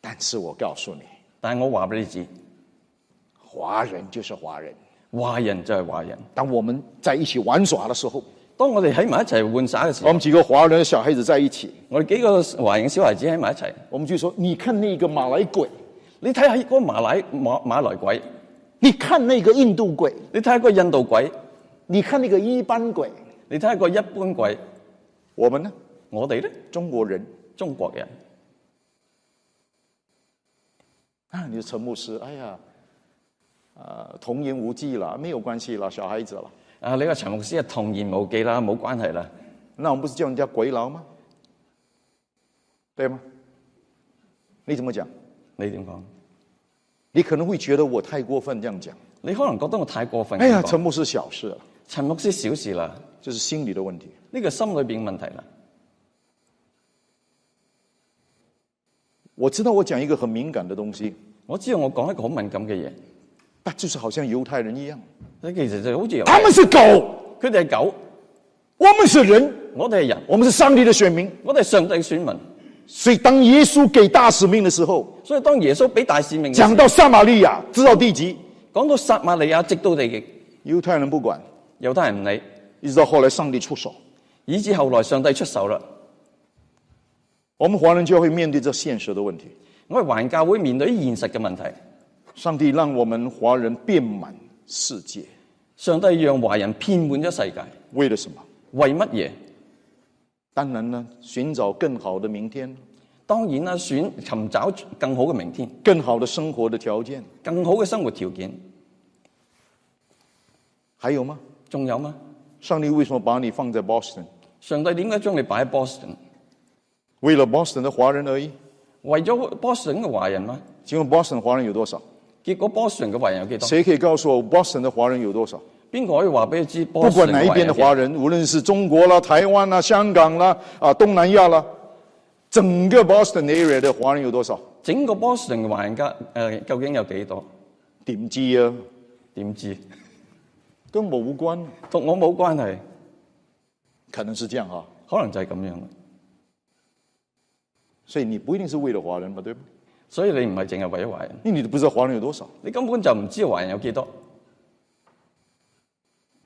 但是我告訴你，但係我話俾你知，華人就是華人，華人就係華人。當我們在一起玩耍的時候，當我哋喺埋一齊玩耍嘅時候，我們幾個華人嘅小孩子在一起，我哋幾個華人小孩子喺埋一齊，我們就說，你看那個馬來鬼。你睇下個馬來馬馬來鬼，你看那個印度鬼，你睇下個印度鬼，你看那個一般鬼，你睇下個一般鬼，我們呢？我哋呢？中國人，中國人。啊，你陳牧師，哎呀，啊，童言無忌啦，沒有關係啦，小孩子啦。啊，你話陳牧師啊，童言無忌啦，冇關係啦。那我們不是叫人家鬼佬嗎？對嗎？你怎麼講？你點講？你可能會覺得我太過分，這樣講。你可能覺得我太過分。哎呀，沉默是小事啦。沉默是小事啦，就是心理的問題。呢、這個心裏邊問題了。我知道我講一個很敏感的東西。我知道我講一個好敏感嘅嘢。但就是好像猶太人一樣，呢個意思係他們是狗，佢哋係狗；我們是人，我哋係人。我們是上帝的選民，我哋係上帝的選民。所以當耶穌給大使命的時候，所以當耶穌俾大使命講到撒馬利亞知道地極，講到撒馬利亞直到地極，猶太人不管，猶太人唔理，一直到後來上帝出手，以至後來上帝出手了，我們華人就會面對這現實的問題，我哋華人教會面對現實嘅問題，上帝讓我們華人遍滿世界，上帝讓華人遍滿咗世界，為了什麼？為乜嘢？當然呢，尋找更好的明天。當然啦，選尋，尋找更好的明天，更好的生活的條件，更好的生活條件。還有嗎？仲有嗎？上帝為什麼把你放在 Boston？上帝點解將你擺喺 Boston？為了 Boston 的華人而已？為咗 Boston 嘅華人嗎？請問 Boston 華人有多少？結果 Boston 嘅華人有幾多？誰可以告訴我 Boston 嘅華人有多少？邊個可以話俾你知，不管哪一邊的華人，華人，無論是中國啦、台灣啦、香港啦、啊東南亞啦，整個 Boston area 嘅華人有多少？整個 Boston 嘅華人家誒、呃，究竟有幾多？點知啊？點知？都冇關同 (laughs) 我冇關係，可能是這樣啊，可能就係咁樣。所以你不一定是為了華人嘛，對嗎？所以你唔係淨係為華人，因為你都不知道華人有多少，你根本就唔知華人有幾多。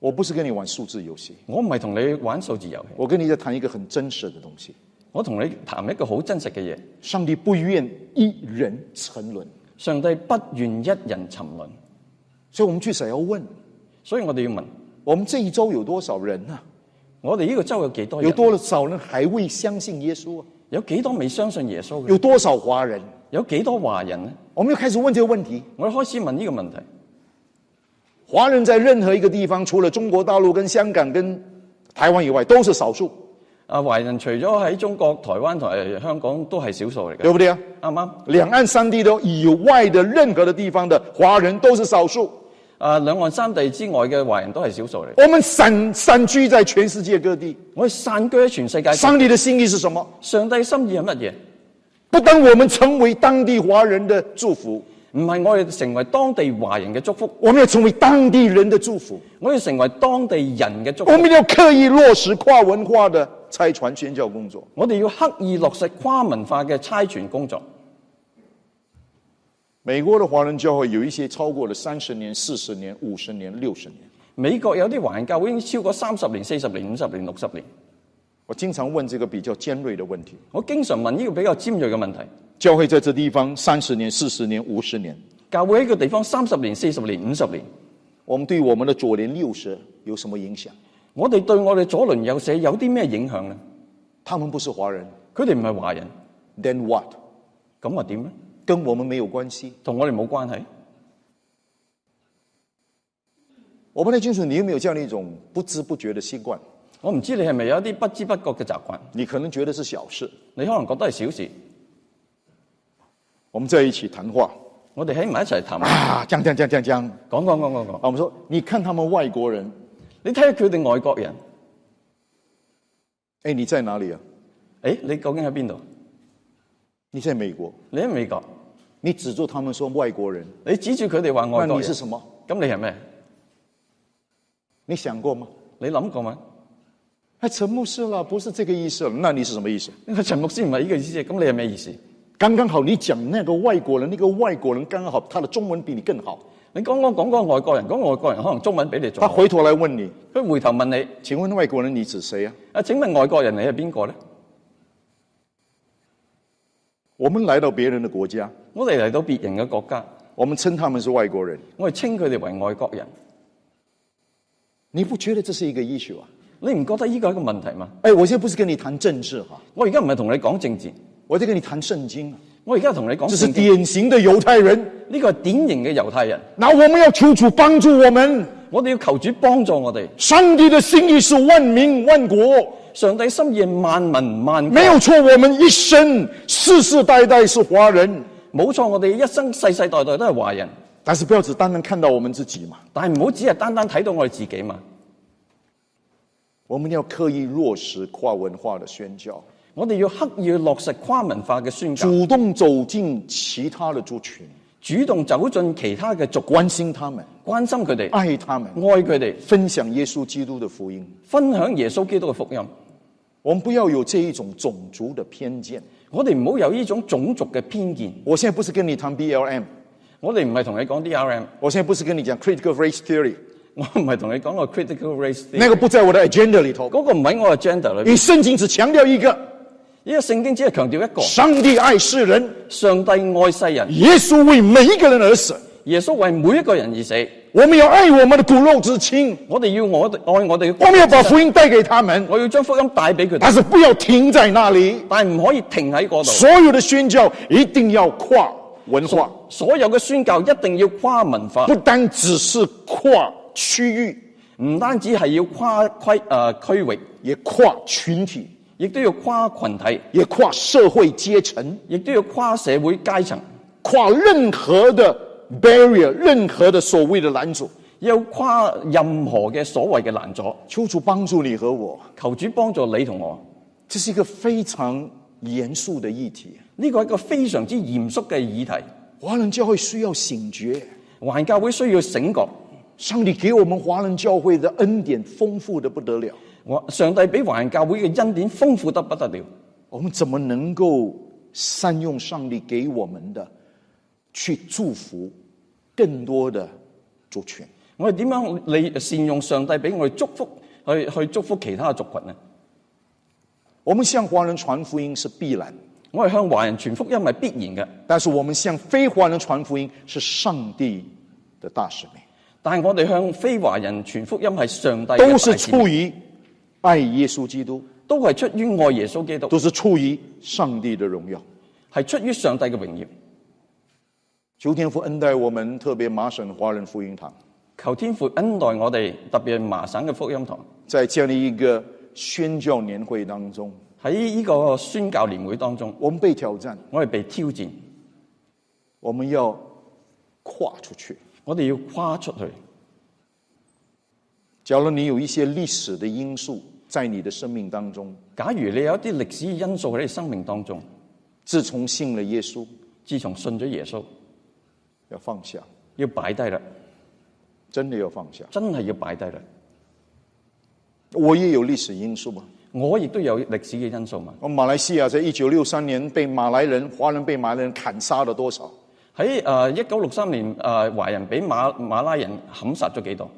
我不是跟你玩數字遊戲，我唔係同你玩數字遊戲，我跟你在談一個很真實的東西。我同你談一個好真實嘅嘢，上帝不願一人沉淪，上帝不願一人沉淪。所以，我們確實要問，所以我哋要問，我們這一州有多少人啊？我哋呢個州有幾多人啊？有多少人還未相信耶穌啊？有幾多未相信耶穌啊？有多少華人？有幾多華人呢啊？我們要開始問這個問題，我要開始問呢個問題。華人在任何一個地方，除了中國大陸、跟香港、跟台灣以外，都是少數。啊，華人除咗喺中國、台灣同香港，都係少數嚟嘅，對不對啊？嗯，兩岸三地都以外的任何的地方的華人都是少數。啊，兩岸三地之外嘅華人都係少數。我們散散居在全世界各地，我們散居喺全世界。上帝的心意是什麼？上帝心意係乜嘢？不，當我們成為當地華人的祝福。唔係我哋成為當地華人嘅祝福，我哋要成為當地人嘅祝福，我要成為當地人嘅祝福。我們要刻意落實跨文化的差傳宣教工作，我哋要刻意落實跨文化嘅差傳工作。美國嘅華人教會有一些超過了三十年、四十年、五十年、六十年。美國有啲華人教會已經超過三十年、四十年、五十年、六十年。我經常問這個比較尖銳的問題，我經常問呢個比較尖銳嘅問題。教會在這地方三十年、四十年、五十年，教會一個地方三十年、四十年、五十年，我們對我們的左鄰右舍有什麼影響？我哋對我哋左鄰右舍有啲咩影響呢？他們不是華人，佢哋唔係華人。Then what？咁又點呢？跟我們沒有關係，同我哋冇關係。我不太清楚你有冇有這樣一種不知不覺的習慣。我唔知你係咪有一啲不知不覺嘅習慣。你可能覺得是小事，你可能覺得係小事。我們在一起談話，我哋在一起談，談啊，講講講講講，講講講講講。講講講講，我們說你看他們外國人，你睇下佢哋外國人。誒，你在哪裏啊？誒，你究竟喺邊度？你在美國。你美國？你指住他們說外國人？你指住佢哋外國人？你是，你，是你是什麼？你想你想過嗎？哎、了是了你諗過嗎？啊，陳牧師不是這個意思。那你是什麼意思？陳牧師每一個意思咁，你係咩意思？剛剛好，你講那個外國人，那個外國人剛好，他的中文比你更好。你剛剛講講外國人，講外國人，可能中文比你好。他回頭來問你，佢回頭問你，請問外國人你指誰啊？啊，請問外國人你係邊個呢？」我們來到別人的國家，我哋嚟到別人嘅國家，我們稱他們是外國人，我哋稱佢哋為外國人。你不覺得這是一個 issue 啊？你唔覺得依個一個問題嗎？誒、哎，我而家不是跟你談政治哈、啊，我而家唔係同你講政治。我就跟你談聖經，我而家同你講，這是典型的猶太人，呢個典型嘅猶太人。那我們要求主幫助我們，我哋要求主幫助我哋。上帝的心意是萬民萬國，上帝心意萬民萬。沒有錯，我們一生世世代代是華人，冇錯，我哋一生世世代代都係華人。但是不要只單單看到我們自己嘛，但係唔好只係單單睇到我哋自己嘛。我們要刻意落實跨文化的宣教。我哋要刻意去落實跨文化嘅宣教，主動走進其他嘅族群，主動走進其他嘅族關心他們，關心佢哋，愛他們，愛佢哋，分享耶穌基督的福音，分享耶穌基督嘅福音。我們不要有這一種種族的偏見，我哋唔好有呢種種族嘅偏見。我現在不是跟你談 B L M，我哋唔係同你講 D R M，我現在不是跟你講 critical race theory，我唔係同你講個 critical race theory，那個不在我嘅 agenda 裏頭，嗰、那個唔係我嘅 agenda、那個我 agenda，那個我 agenda。你聖經只強調一個。呢個聖經只係強調一個，上帝愛世人，上帝愛世人。耶穌為每一個人而死，耶穌為每一個人而死。我們要愛我們的骨肉之親，我哋要我哋愛我哋，我們要把福音帶給他們，我要將福音帶俾佢哋，但是不要停在那裏，但唔可以停喺嗰度。所有的宣教一定要跨文化，所,所有嘅宣教一定要跨文化，不單只是跨區域，唔單止係要跨區誒區域，亦跨群體。亦都要跨群體，也跨社會階層，亦都要跨社會階層，跨任何的 barrier，任何的所謂的攔阻，也要跨任何嘅所謂嘅攔阻，求主幫助你和我，求主幫助你同我，這是一個非常嚴肅的議題，呢、這個是一個非常之嚴肅嘅議題，華人教會需要醒覺，華人教會需要醒覺。上帝給我們華人教會的恩典豐富的不得了。我上帝俾華人教會的恩典豐富得不得了。我們怎麼能夠善用上帝給我們的去祝福更多的族群？我點樣來形容上帝俾我們祝福去去祝福其他的族群呢？我們向華人傳福音是必然，我係向華人傳福音係必然嘅，但是我們向非華人傳福音是上帝的大使命。但係我哋向非華人傳福音係上帝都是出於愛耶穌基督，都係出於愛耶穌基督。都係出於上帝嘅榮耀，係出於上帝嘅榮耀。求天父恩待我們，特別麻省華人福音堂。求天父恩待我哋，特別麻省嘅福音堂。在這樣一個宣教年會當中，喺呢個宣教年會當中，我們被挑戰，我哋被挑戰，我們要跨出去。我哋要跨出去。假如你有一些歷史的因素在你的生命當中，假如你有一啲歷史因素喺你生命當中，自從信了耶穌，自從信咗耶穌，要放下，要擺帶啦，真的要放下，真係要擺低啦。我也有歷史因素嘛，我亦都有歷史嘅因素嘛。我馬來西亞在一九六三年被馬來人、華人被馬來人砍殺了多少？喺誒，一九六三年誒，uh, 華人俾馬馬拉人砍殺咗幾多？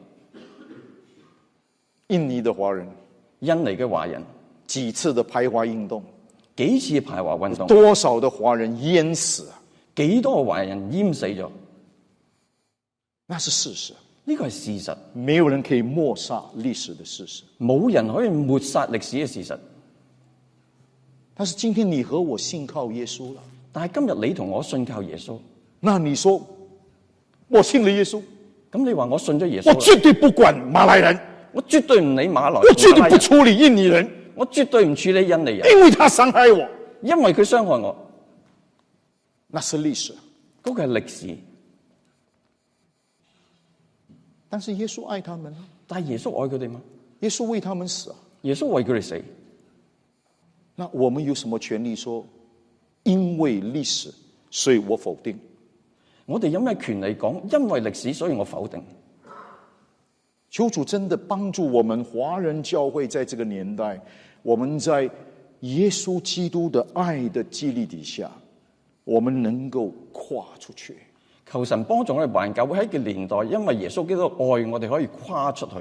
印尼嘅華人，印尼嘅華人，幾次的排華運動，幾次排華運動，多少的華人淹死，幾多華人淹死咗？那是事實，呢、這個係事實，沒有人可以抹殺歷史嘅事實，冇人可以抹殺歷史嘅事實。但是今天你和我信靠耶穌啦，但係今日你同我信靠耶穌。那你說，我信了耶穌，咁你話我信咗耶穌，我絕對不管馬來人，我絕對唔理馬來人，我絕對不處理印尼人，我絕對唔處理印尼人，因為他傷害我，因為佢傷，傷害我，那是歷史，嗰、那個係歷史，但是耶穌愛他們啊，但是耶穌愛佢哋嗎？耶穌為他們死啊，耶穌為佢哋死。那我們有什麼權利說，因為歷史，所以我否定？我哋有咩權嚟講，因為歷史，所以我否定。求主真的幫助我們華人教會，在這個年代，我們在耶穌基督的愛的激勵底下，我們能夠跨出去。求神幫助我哋辦教會喺個年代，因為耶穌基督的愛我哋，可以跨出去。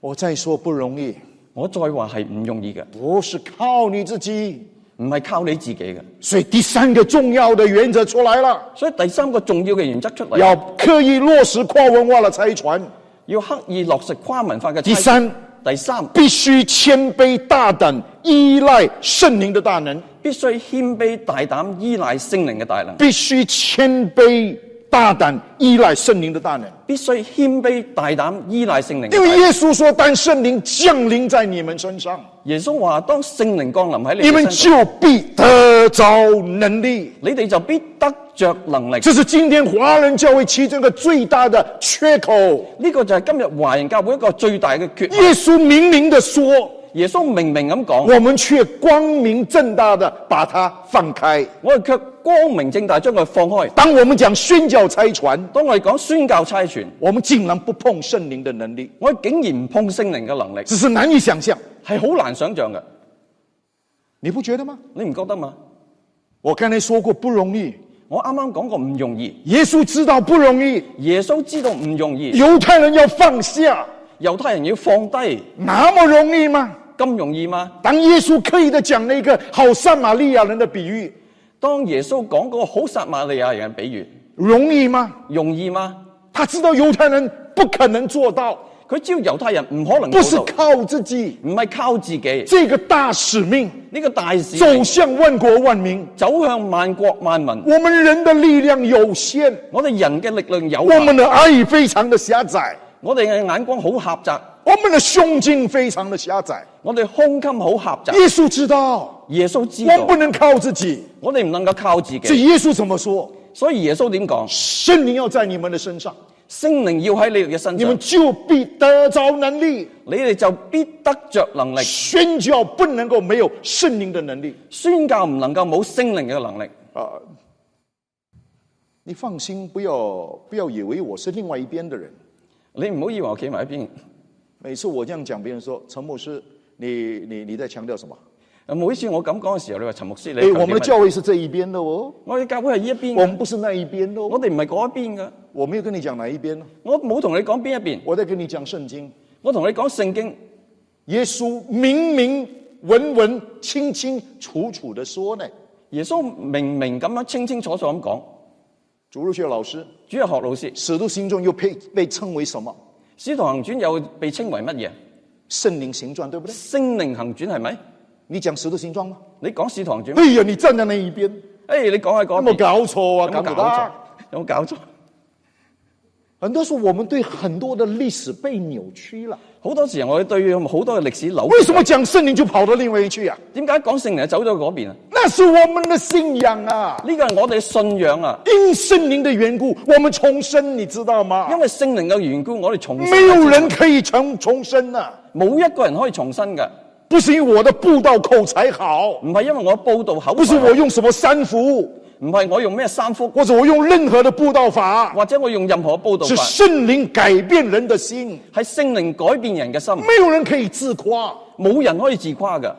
我再說不容易，我再話係唔容易嘅，不是靠你自己。唔係靠你自己嘅，所以第三個重要嘅原則出來啦，所以第三個重要嘅原則出嚟，要刻意落實跨文化嘅差傳，要刻意落實跨文化嘅。第三，第三，必須謙卑大膽，依賴聖靈嘅大能。必須謙卑大膽，依賴聖靈嘅大能。必須謙卑。大膽依賴聖靈的大能，必須謙卑大膽依賴聖靈。因為耶穌說：“當聖靈降臨在你們身上。”耶穌話：“當聖靈降臨在你們身上，你們就必得着能力。”你哋就必得着能力。這是今天華人教會其中一個最大的缺口。呢個就係今日華人教會一個最大嘅缺口。耶穌明明的說，耶穌明明咁講，我們卻光明正大的把它放開。我光明正大將佢放開，當我們講宣教差傳。當我哋講宣教差傳，我們竟然不碰聖靈的能力，我們竟然唔碰聖靈嘅能力，只是難以想象，係好難想象嘅。你不覺得嗎？你唔覺得嗎？我剛才說過不容易，我啱啱講過唔容易。耶穌知道不容易，耶穌知道唔容，容易。猶太人要放下，猶太人要放低，那麼容易嗎？咁容易嗎？當耶穌刻意的講那個好撒瑪利亞人的比喻。當耶穌講過好撒馬利亞人比喻，容易嗎？容易嗎？他知道猶太人不可能做到，佢知道猶太人唔可能做到。做不是靠自己，唔係靠自己。這個大使命，呢、這個大使命，走向萬國萬民，走向萬國萬民。我們人的力量有限，我哋人嘅力量有限。我們的愛非常的狹窄，我哋嘅眼光好狹窄。我們的胸襟非常的狹窄，我的胸襟好狹窄。耶穌知道，耶穌知道，我不能靠自己，我哋唔能夠靠自己。這耶穌怎麼說？所以耶穌點講？聖靈要在你們的身上，聖靈要喺你嘅身上，你們就必得着能力，你哋就必得着能力。宣教不能夠沒有聖靈的能力，宣教唔能夠冇聖靈嘅能力。啊、uh，你放心，不要不要以為我是另外一邊的人，你唔好以為我企埋一邊。每次我這樣講，別人說陳牧師，你你你在強調什麼？那微信我剛剛寫那個陳牧師，哎，我們的教會是這一邊的哦，我教會是依一邊，我們不是那一邊的，我哋唔係嗰一邊噶。我沒有跟你講哪一邊，我冇同你講邊一邊。我在跟你講聖經，我同你講聖經，耶穌明明穩穩清清楚楚的說呢，耶穌明明咁樣清清楚楚咁講，主日學老師，最好老師，使徒心中又被被稱為什麼？《使徒行傳》又被稱為乜嘢？《聖靈行傳》對不對？《聖靈行傳》係咪？你講《使徒行傳》嗎？你講《使徒行傳》？哎呀，你站在那一邊？哎，你講下講下？有冇搞錯啊？有冇搞錯啊？有冇搞錯啊？ (laughs) 有冇搞錯？很多時候我們對很多的歷史被扭曲了，好多時候我對於好多的歷史樓，為什麼講聖靈就跑到另外一區啊？點解講聖靈就走到嗰邊啊？那是我們的信仰啊！呢個係我哋嘅信仰啊！因聖靈的緣故，我們重生，你知道嗎？因為聖靈嘅緣故，我哋重生，生沒有人可以重重生啊！冇一個人可以重生嘅，不是因為我的佈道口才好，唔係因為我佈道口，不是我用什麼三符。唔係我用咩三福，或者我用任何的布道法，或者我用任何布道法，是聖靈改變人的心，係聖靈改變人嘅心。沒有人可以自誇，冇人可以自誇噶。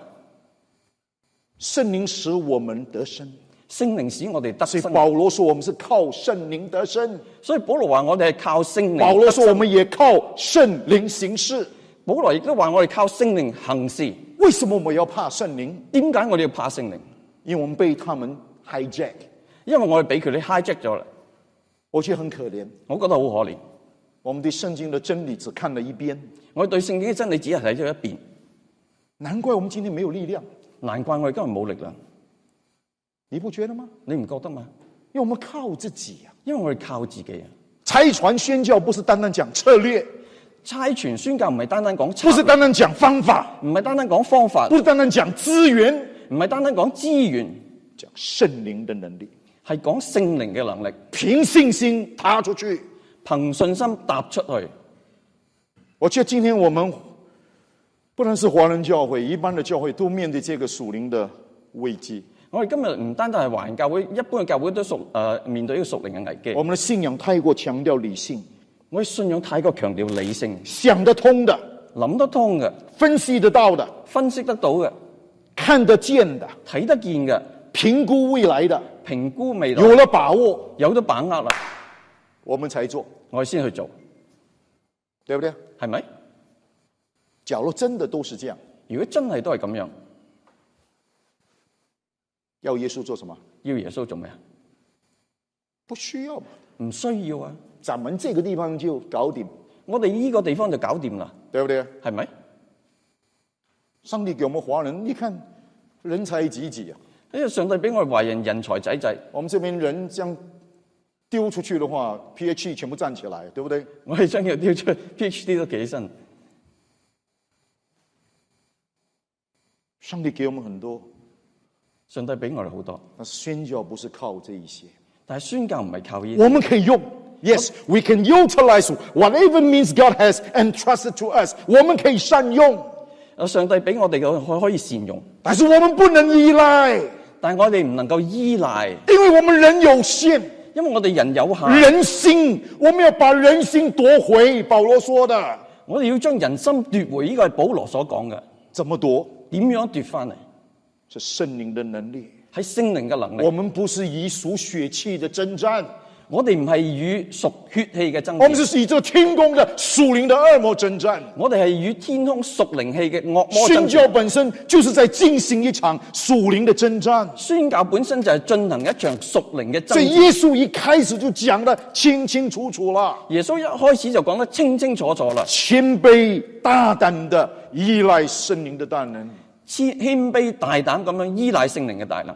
聖靈使我們得生，聖靈使我哋得生。所以保羅說我們是靠聖靈得生，所以保羅話我哋係靠聖靈。保羅說我們也靠聖靈行事，保羅亦都話我哋靠聖靈行事。為什麼我們要怕聖靈？點解我哋要怕聖靈？因為我們被他們 hijack。因為我哋俾佢哋 hijack 咗啦，我似很可憐，我覺得好可憐。我們對聖經的真理只看了一邊，我對聖經真理只係睇咗一邊。難怪我們今天沒有力量，難怪我哋今日冇力量。你不覺得嗎？你唔覺得嗎？因為我們靠自己啊，因為我哋靠自己啊。差傳宣教不是單單講策略，差傳宣教唔係單單講，不是單單講方法，唔係單單講方法，不是單單講資源，唔係單單講資源，講聖靈的能力。係講聖靈嘅能力，憑信心踏出去，憑信心踏出去。我覺得，今天我們，不能是華人教會，一般的教會都面對這個屬靈的危機。我哋今日唔單單係華人教會，一般嘅教會都屬誒面對一個屬靈嘅危機我。我們嘅信仰太過強調理性，我哋信仰太過強調理性，想得通嘅，諗得通嘅，分析得到的，分析得到嘅，看得見的，睇得見嘅。評估未來的，評估未來有了把握，有了把握啦，我們才做。我先去做，對不對？係咪？假如真的都是這樣，如果真的都是這樣，要耶穌做什麼？要耶穌做咩啊？不需要嘛？唔需要啊！咱們這個地方就搞掂，我哋呢個地方就搞掂了，對不對？係咪？上帝給我們華人，你看人才濟濟啊！因為上帝俾我華人，人才濟濟，我們這邊人將丟出去嘅話，P H D 全部站起來，對不對？我哋將要丟出 P H D 都企起身。上帝給我們很多，上帝俾我哋好多。但宣教不是靠呢一些，但係宣教唔係靠呢啲。我們可以用，Yes，we can utilize whatever means God has entrusted to us。我們可以善用。上帝俾我哋嘅，可以善用，但是我們不能依賴。但我哋唔能夠依賴，因為我們人有限，因為我哋人有限。人心，我們要把人心奪回。保羅說的，我哋要將人心奪回，呢個係保羅所講嘅。怎麼奪？點樣奪翻嚟？就聖靈嘅能力，係聖靈嘅能力。我們不是以屬血氣嘅征戰。我哋唔係與屬血氣嘅爭戰，我們是與這天空的屬靈的惡魔征戰。我哋係與天空屬靈氣嘅惡魔爭戰。宣教本身就是在進行一場屬靈嘅征戰。宣教本身就在進行一場屬靈嘅征戰。所以耶穌一開始就講得清清楚楚啦。耶穌一開始就講得清清楚楚啦。謙卑大膽的依賴聖靈嘅大能，謙謙卑大膽咁樣依賴聖靈嘅大能。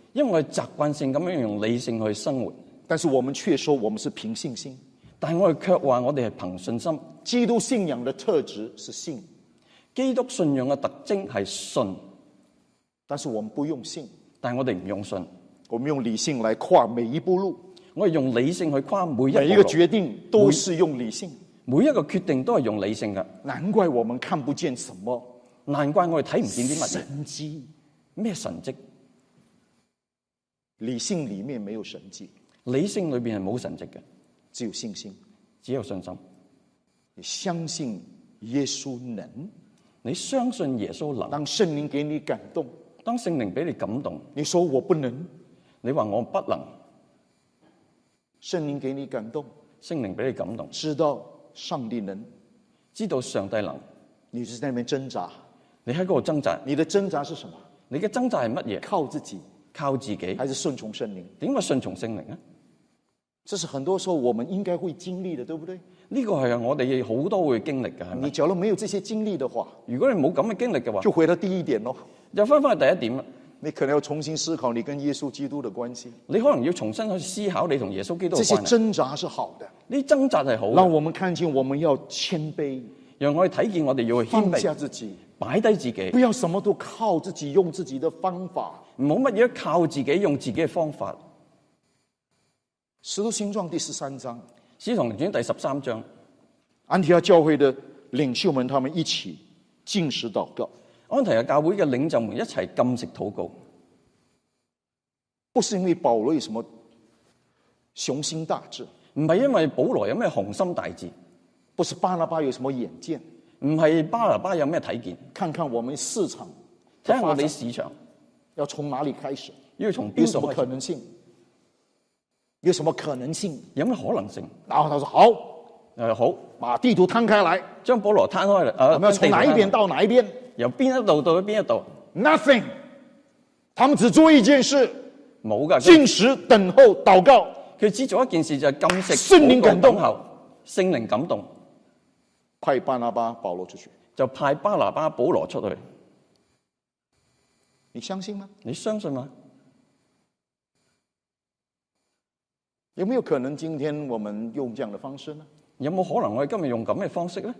因為我哋習慣性咁樣用理性去生活，但是我們卻說我們是憑信心，但我哋卻話我哋係憑信心。基督信仰嘅特質是信，基督信仰嘅特徵係信，但是我們不用信，但係我哋唔用信，我們用理性嚟，跨每一步路。我哋用理性去跨每一，每一個決定都是用理性，每，每一個決定都係用理性嘅。難怪我們看不見什麼，難怪我哋睇唔見啲乜神蹟咩神蹟？理性裏面沒有神跡，理性裏邊係冇神跡嘅，只有信心，只有信心。你相信耶穌能，你相信耶穌能。當聖靈給你感動，當聖靈俾你感動，你說我不能，你話我不能。聖靈俾你感動，聖靈俾你感動。知道上帝能，知道上帝能，你就是在那邊掙扎，你喺度掙扎，你的掙扎是什麼？你嘅掙扎係乜嘢？靠自己。靠自己，還是順從聖靈？點解順從聖靈啊？這是很多時候我們應該會經歷的，對不對？呢個係我哋好多會經歷嘅。你假如沒有這些經歷嘅話，如果你冇咁嘅經歷嘅話，就回到第一點咯。又翻翻去第一點啦，你可能要重新思考你跟耶穌基督的關係。你可能要重新去思考你同耶穌基督嘅關係。這些掙扎是好的，你掙扎係好嘅。那我們看見我們要謙卑，讓我哋睇見我哋要謙卑，放下自己。擺低自己，不要什麼都靠自己，用自己，靠自己，用自己的方法，唔好乜嘢靠自己，用自己嘅方法。使徒行傳第十三章，使徒行傳第十三章，安提阿教會嘅領袖們，他們一起禁食禱告。安提阿教會嘅領袖們一齊禁食禱告，不是因為保羅有什麼雄心大志，唔係因為保羅有咩雄心大志，不是巴拿巴有什麼遠見。唔係巴拿巴有咩體檢？看看我們市場，睇下我哋市場要從哪裏開始？因從有什麼可能性？有什麼可能性？有沒有可能性？然後他說好，誒好，把地圖攤開來，將保羅攤開嚟，我們要從哪一邊到哪一邊？由邊一度到邊一度？Nothing，他們只做一件事，冇噶，禁食等候、禱告，佢只做一件事就係聖靈感動後，聖靈感動。派巴拿巴保羅出去，就派巴拿巴保羅出去。你相信嗎？你相信嗎？有沒有可能今天我們用這樣的方式呢？有沒有可能我今日用咁嘅方式呢？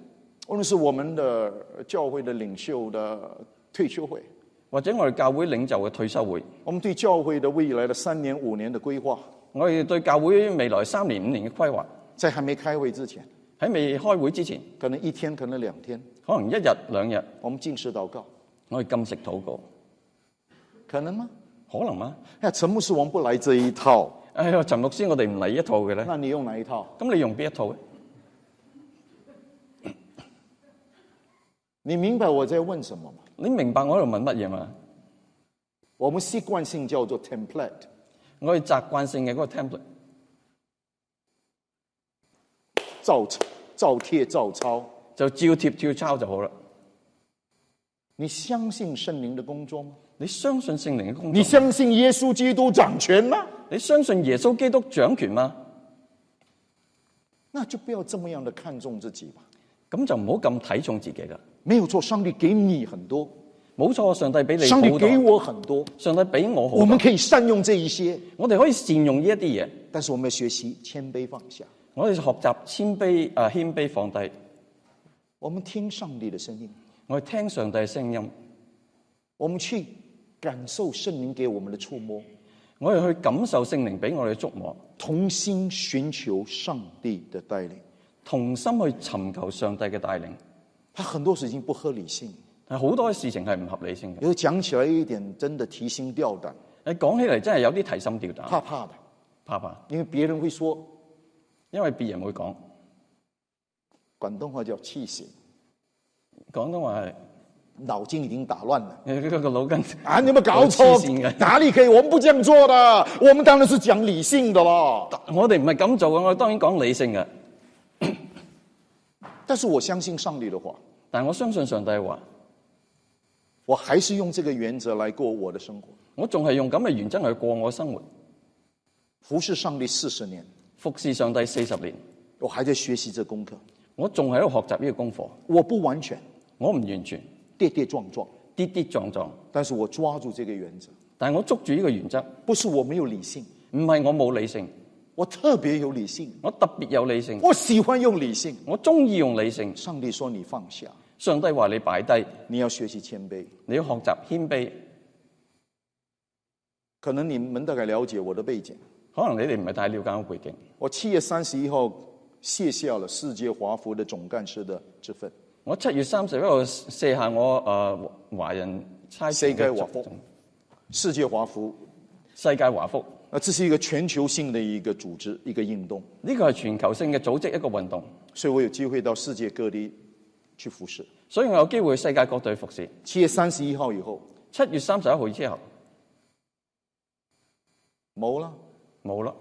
無論是我們的教會的領袖的退休會，或者我哋教會領袖嘅退休會，我們對教會的未來的三年五年的規劃，我哋對教會未來三年五年的規劃，在還沒開會之前。喺未開會之前，可能一天，可能兩天，可能一日兩日，我們禁食禱告，我哋禁食禱告，可能嗎？可能啊？陳牧師，我唔嚟這一套。哎呦，陳牧師，我哋唔嚟一套嘅咧。那你用哪一套？咁你用邊一套咧？你明白我在問什麼嗎？你明白我喺度問乜嘢嗎？我們習慣性叫做 template，我哋習慣性嘅嗰個 template。照帖照貼照抄，就照貼照抄就好了。你相信聖靈的工作嗎？你相信聖靈嘅工作？你相信耶穌基督掌權嗎？你相信耶穌基督掌權嗎？那就不要這麼樣的看重自己吧。咁就唔好咁睇重自己啦。沒有錯，上帝給你很多。冇錯，上帝俾你很多。上帝給我很多，上帝俾我很多。我們可以善用這一些，我哋可以善用呢一啲嘢，但是我哋要學習謙卑放下。我哋學習謙卑，誒，謙卑放低。我們聽上帝的聲音，我哋聽上帝嘅聲音，我們去感受聖靈給我們的觸摸，我哋去感受聖靈給我哋觸，觸摸，同心尋求上帝的帶領，同心去尋求上帝嘅帶領。佢很多事情不合理性，係好多事情係唔合理性嘅。有講起來一點，真的提心吊膽。誒，講起來真的有啲提心吊膽，怕怕的怕怕。因為別人會說。因為別人會講廣東話叫痴線，廣東話係腦筋已經打亂了你個腦筋啊，你有冇搞錯？哪裏可以？我們不這樣做的，我們當然是講理性的咯。我哋唔係咁做嘅，我當然講理性嘅。但是我相信上帝的話，但我相信上帝的話，我還是用這個原則來過我的生活。我仲係用咁嘅原則嚟過我生活，服侍上帝四十年。服侍上帝四十年，我還在學習這個功課。我仲喺度學習呢個功課。我不完全，我唔完全，跌跌撞撞，跌跌撞撞。但是我抓住這個原則，但係我捉住呢個原則，不是我沒有理性，唔係我冇理性，我特別有理性，我特別有理性，我喜歡用理性，我中意用理性。上帝說你放下，上帝話你擺低，你要學習謙卑，你要學習謙卑。可能你們大概了解我的背景。可能你哋唔係太了解我背景。我七月三十一號卸下了世界華福的總幹事的職份。我七月三十一號卸下我誒華、呃、人世界華福。世界華福，世界華福？啊，這是一個全球性的一個組織一個運動。呢、這個係全球性嘅組織一個運動，所以我有機會到世界各地去服侍。所以我有機會世界各地去服侍。七月三十一號以後，七月三十一號之後冇啦。冇啦，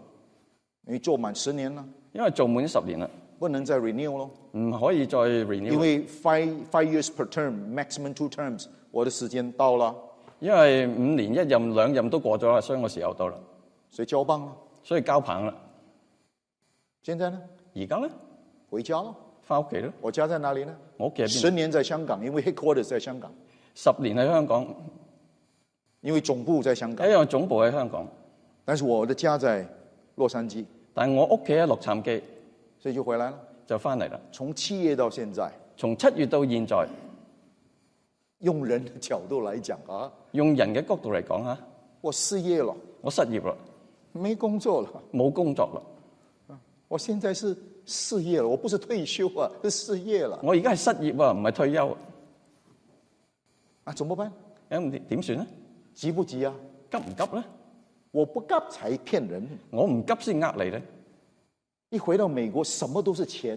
你做滿十年啦，因為做滿十年啦，不能再 renew 咯，唔可以再 renew，因為 five five years per term maximum two terms，我的時間到了，因為五年一任兩任都過咗啦，所以我時候到啦，所以交棒啦，所以交棒啦，現在呢？而家呢？回家咯，返屋企咯，我家在哪裏呢？我屋企喺邊？十年在香港，因為 headquarters 在香港，十年喺香港，因為總部在香港，因為總部喺香港。但是我的家在洛杉磯，但我屋企喺洛杉磯，所以就回來了，就翻嚟啦。從七月到現在，從七月到現在，用人的角度來講啊，用人嘅角度嚟講啊，我失業了，我失業了，沒工作了，冇工作了，我現在是失業了，我不是退休啊，係失業了。我而家係失業啊，唔係退休。啊，怎麼辦，咁點算咧？急不急啊？急唔急咧？我不急才騙人，我唔急先呃你咧。一回到美國，什麼都是錢；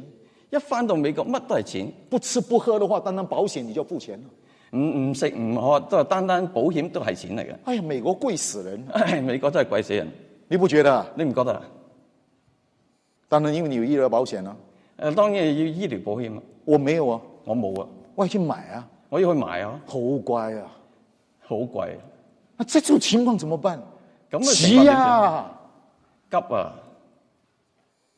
一返到美國，乜都係錢。不吃不喝的話，單單保險你就付錢。唔唔食唔喝都係單單保險都係錢嚟嘅。哎呀，美國貴死人，哎、美國真係貴死人。你不覺得、啊？你唔覺得、啊？但係因為你有醫療保險啊。誒，當然要醫療保險啊。我沒有啊，我冇啊，我要去買啊，我要去買啊。好貴啊，好貴、啊。那這種情況怎麼辦？是呀、啊，急啊！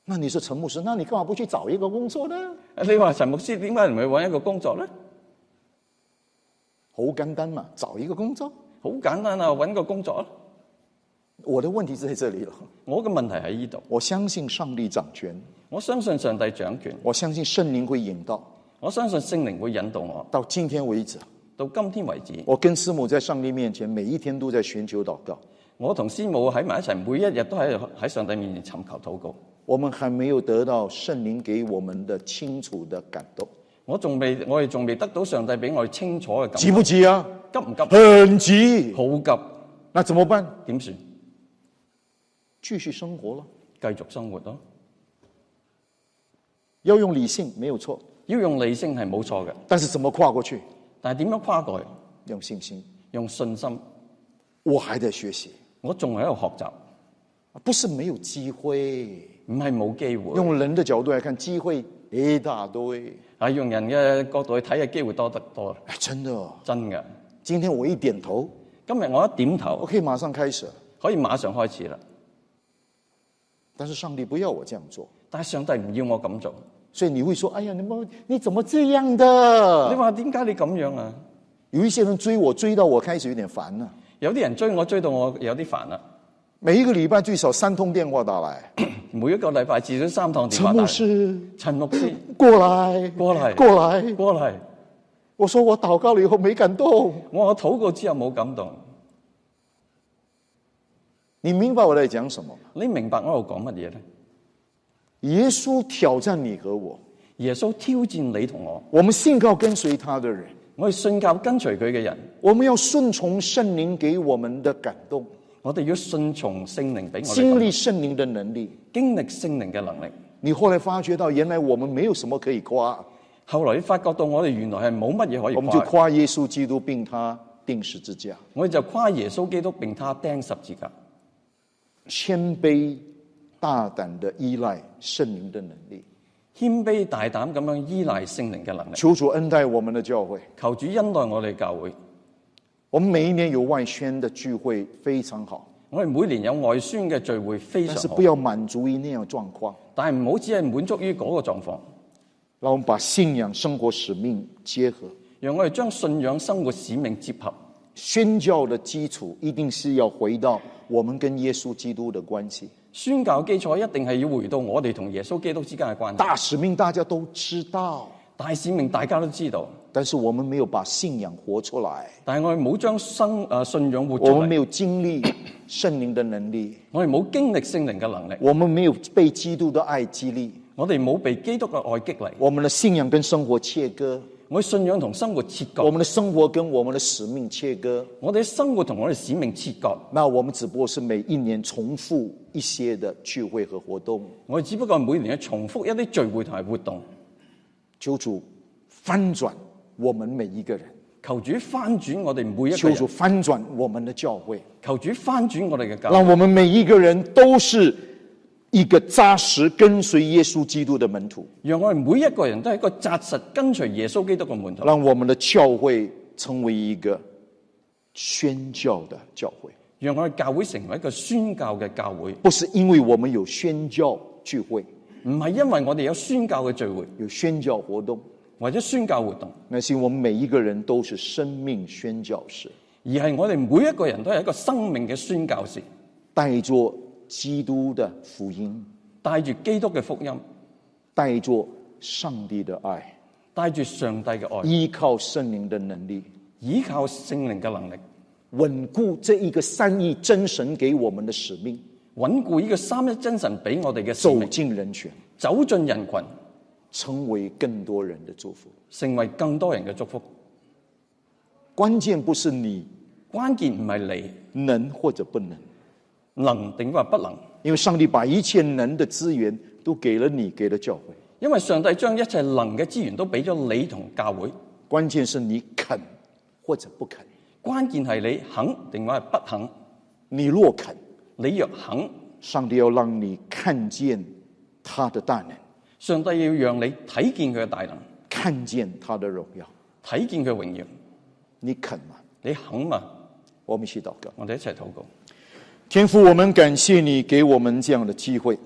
那你是陳牧師，那你幹嘛不去找一個工作呢？你話陳牧師點解唔去揾一個工作呢？好簡單嘛，找一個工作，好簡單啊，揾個工作啊！我的問題就在這裡了，我嘅問題喺呢度。我相信上帝掌權，我相信上帝掌權，我相信聖靈會引導，我相信聖靈會引導我。到今天為止，到今天為止，我跟師母在上帝面前每一天都在尋求禱告。我同師母喺埋一齊，每一日都喺喺上帝面前尋求禱告。我們還沒有得到聖靈給我們的清楚的感動。我仲未，我哋仲未得到上帝俾我哋清楚嘅。遲唔遲啊？急唔急？唔遲，好急。那怎麼辦？點算？繼續生活咯，繼續生活咯。要用理性，沒有錯。要用理性係冇錯嘅，但是怎麼跨過去？但係點樣跨過去？用信心，用信心。我還在學習。我仲喺度學習，不是沒有機會，唔係冇機會。用人的角度來看，機會一大堆。啊，用人的角度去睇嘅機會多得多。真的，真嘅。今天我一點頭，今日我一點頭，我可以馬上開始，可以馬上開始啦。但是上帝不要我這樣做，但係上帝唔要我咁做，所以你會說：哎呀，你冇，你怎麼這樣的？你話點解你咁樣啊？有一些人追我，追到我開始有點煩啊。有啲人追我追到我有啲煩啦，每一個禮拜最少三通電話打來 (coughs) 每一個禮拜至少三通電話。陳牧師，陳牧師，過來，過來，過來，過來。我說我禱告了以後沒感動，我我禱過之後沒感動。你明白我在講什麼？你明白我喺度講乜嘢呢？耶穌挑戰你和我，耶穌挑戰你同我。我們信靠跟隨他的人。我係信教跟隨佢嘅人，我們要順從聖靈給我們的感動。我哋要順從聖靈俾我哋經歷聖靈的能力，經歷聖靈嘅能力。你後來發覺到，原來我們沒有什麼可以誇。後來發覺到，我哋原來係冇乜嘢可以誇。我們就誇耶穌基督並他釘十字架。我們就誇耶穌基督並他釘十字架。謙卑大膽地依賴聖靈的能力。謙卑大膽咁樣依賴聖靈嘅能力，求主恩待我們的教會，求主恩待我哋教會。我們每一年有外宣嘅聚會非常好，我哋每年有外宣嘅聚會非常好。但是不要滿足於呢樣狀況，但係唔好只係滿足於嗰個狀況。讓我哋把信仰、生活、使命結合，讓我哋將信仰、生活、使命結合。宣教嘅基礎一定是要回到我們跟耶穌基督嘅關係。宣教基礎一定係要回到我哋同耶穌基督之間嘅關係。大使命大家都知道，大使命大家都知道，但是我們沒有把信仰活出來。但係我哋冇將生誒信仰活出來。我們沒有經歷聖靈的能力。我哋冇經歷聖靈嘅能力。我們沒有被基督的愛激勵。我哋冇被基督嘅愛激勵。我們的信仰跟生活切割。我信仰同生活切割，我們的生活跟我們的使命切割。我哋生活同我哋使命切割，那我們只不過是每一年重複一些的聚會和活動。我只不過每年重複一啲聚會同埋活動。求主翻轉我們每一個人，求主翻轉我哋每一，求主翻轉我們的教會，求主翻轉我哋嘅教。讓我們每一個人都是。一個扎實跟隨耶穌基督嘅門徒，讓我哋每一個人都係一個扎實跟隨耶穌基督嘅門徒，讓我們嘅教會成為一個宣教嘅教會，讓我哋教會成為一個宣教嘅教會。不是因為我們有宣教聚會，唔係因為我哋有宣教嘅聚會，有宣教活動或者宣教活動，而是我們每一個人都是生命宣教士，而係我哋每一個人都係一個生命嘅宣教士。帶着。基督的福音，帶住基督嘅福音，帶住上帝的愛，帶住上帝嘅愛，依靠聖靈嘅能力，依靠聖靈嘅能力，穩固這一個三一真神給我們嘅使命，穩固一個三一真神俾我哋嘅走進人群，走進人群，成為更多人嘅祝福，成為更多人嘅祝福。關鍵不是你，關鍵唔係你能或者不能。能定話不能？因為上帝把一切能的資源都給了你，給了教會。因為上帝將一切能嘅資源都俾咗你同教會。關鍵是你肯或者不肯，關鍵係你肯定話係不肯。你若肯，你若肯，上帝要讓你看見他的大能。上帝要讓你睇見佢嘅大能，看見他的榮耀，睇見佢榮耀。你肯嗎？你肯嗎？我們一起禱告，我哋一齊禱告。天父，我們感謝你給我們這樣的機會。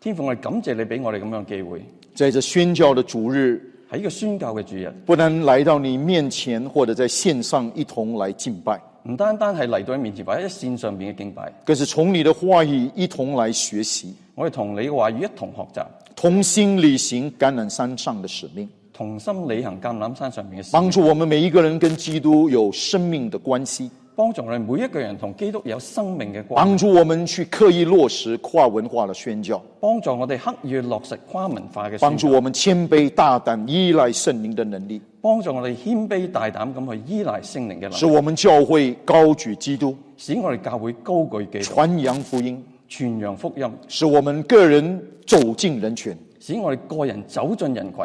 天父，我們感謝你俾我哋咁樣嘅機會，在這宣教的主日，係一個宣教嘅主日，不能來到你面前，或者在線上一同來敬拜。唔單單係嚟到你面前，或者線上面嘅敬拜，更是從你的話語一同來學習。我哋同你的話語一同學習，同心履行橄欖山上的使命，同心履行橄欖山上面嘅使命，幫助我們每一個人跟基督有生命的關係。幫助我哋每一個人同基督有生命嘅關係。幫助我們去刻意落實跨文化的宣教。幫助我哋刻意落實跨文化嘅宣教。幫助我們謙卑大膽依賴聖靈的能力。幫助我哋謙卑大膽咁去依賴聖靈嘅能力。使我們教會高舉基督，使我哋教會高舉基督。傳揚福音，傳揚福音，使我們個人走進人群，使我哋個人走進人群。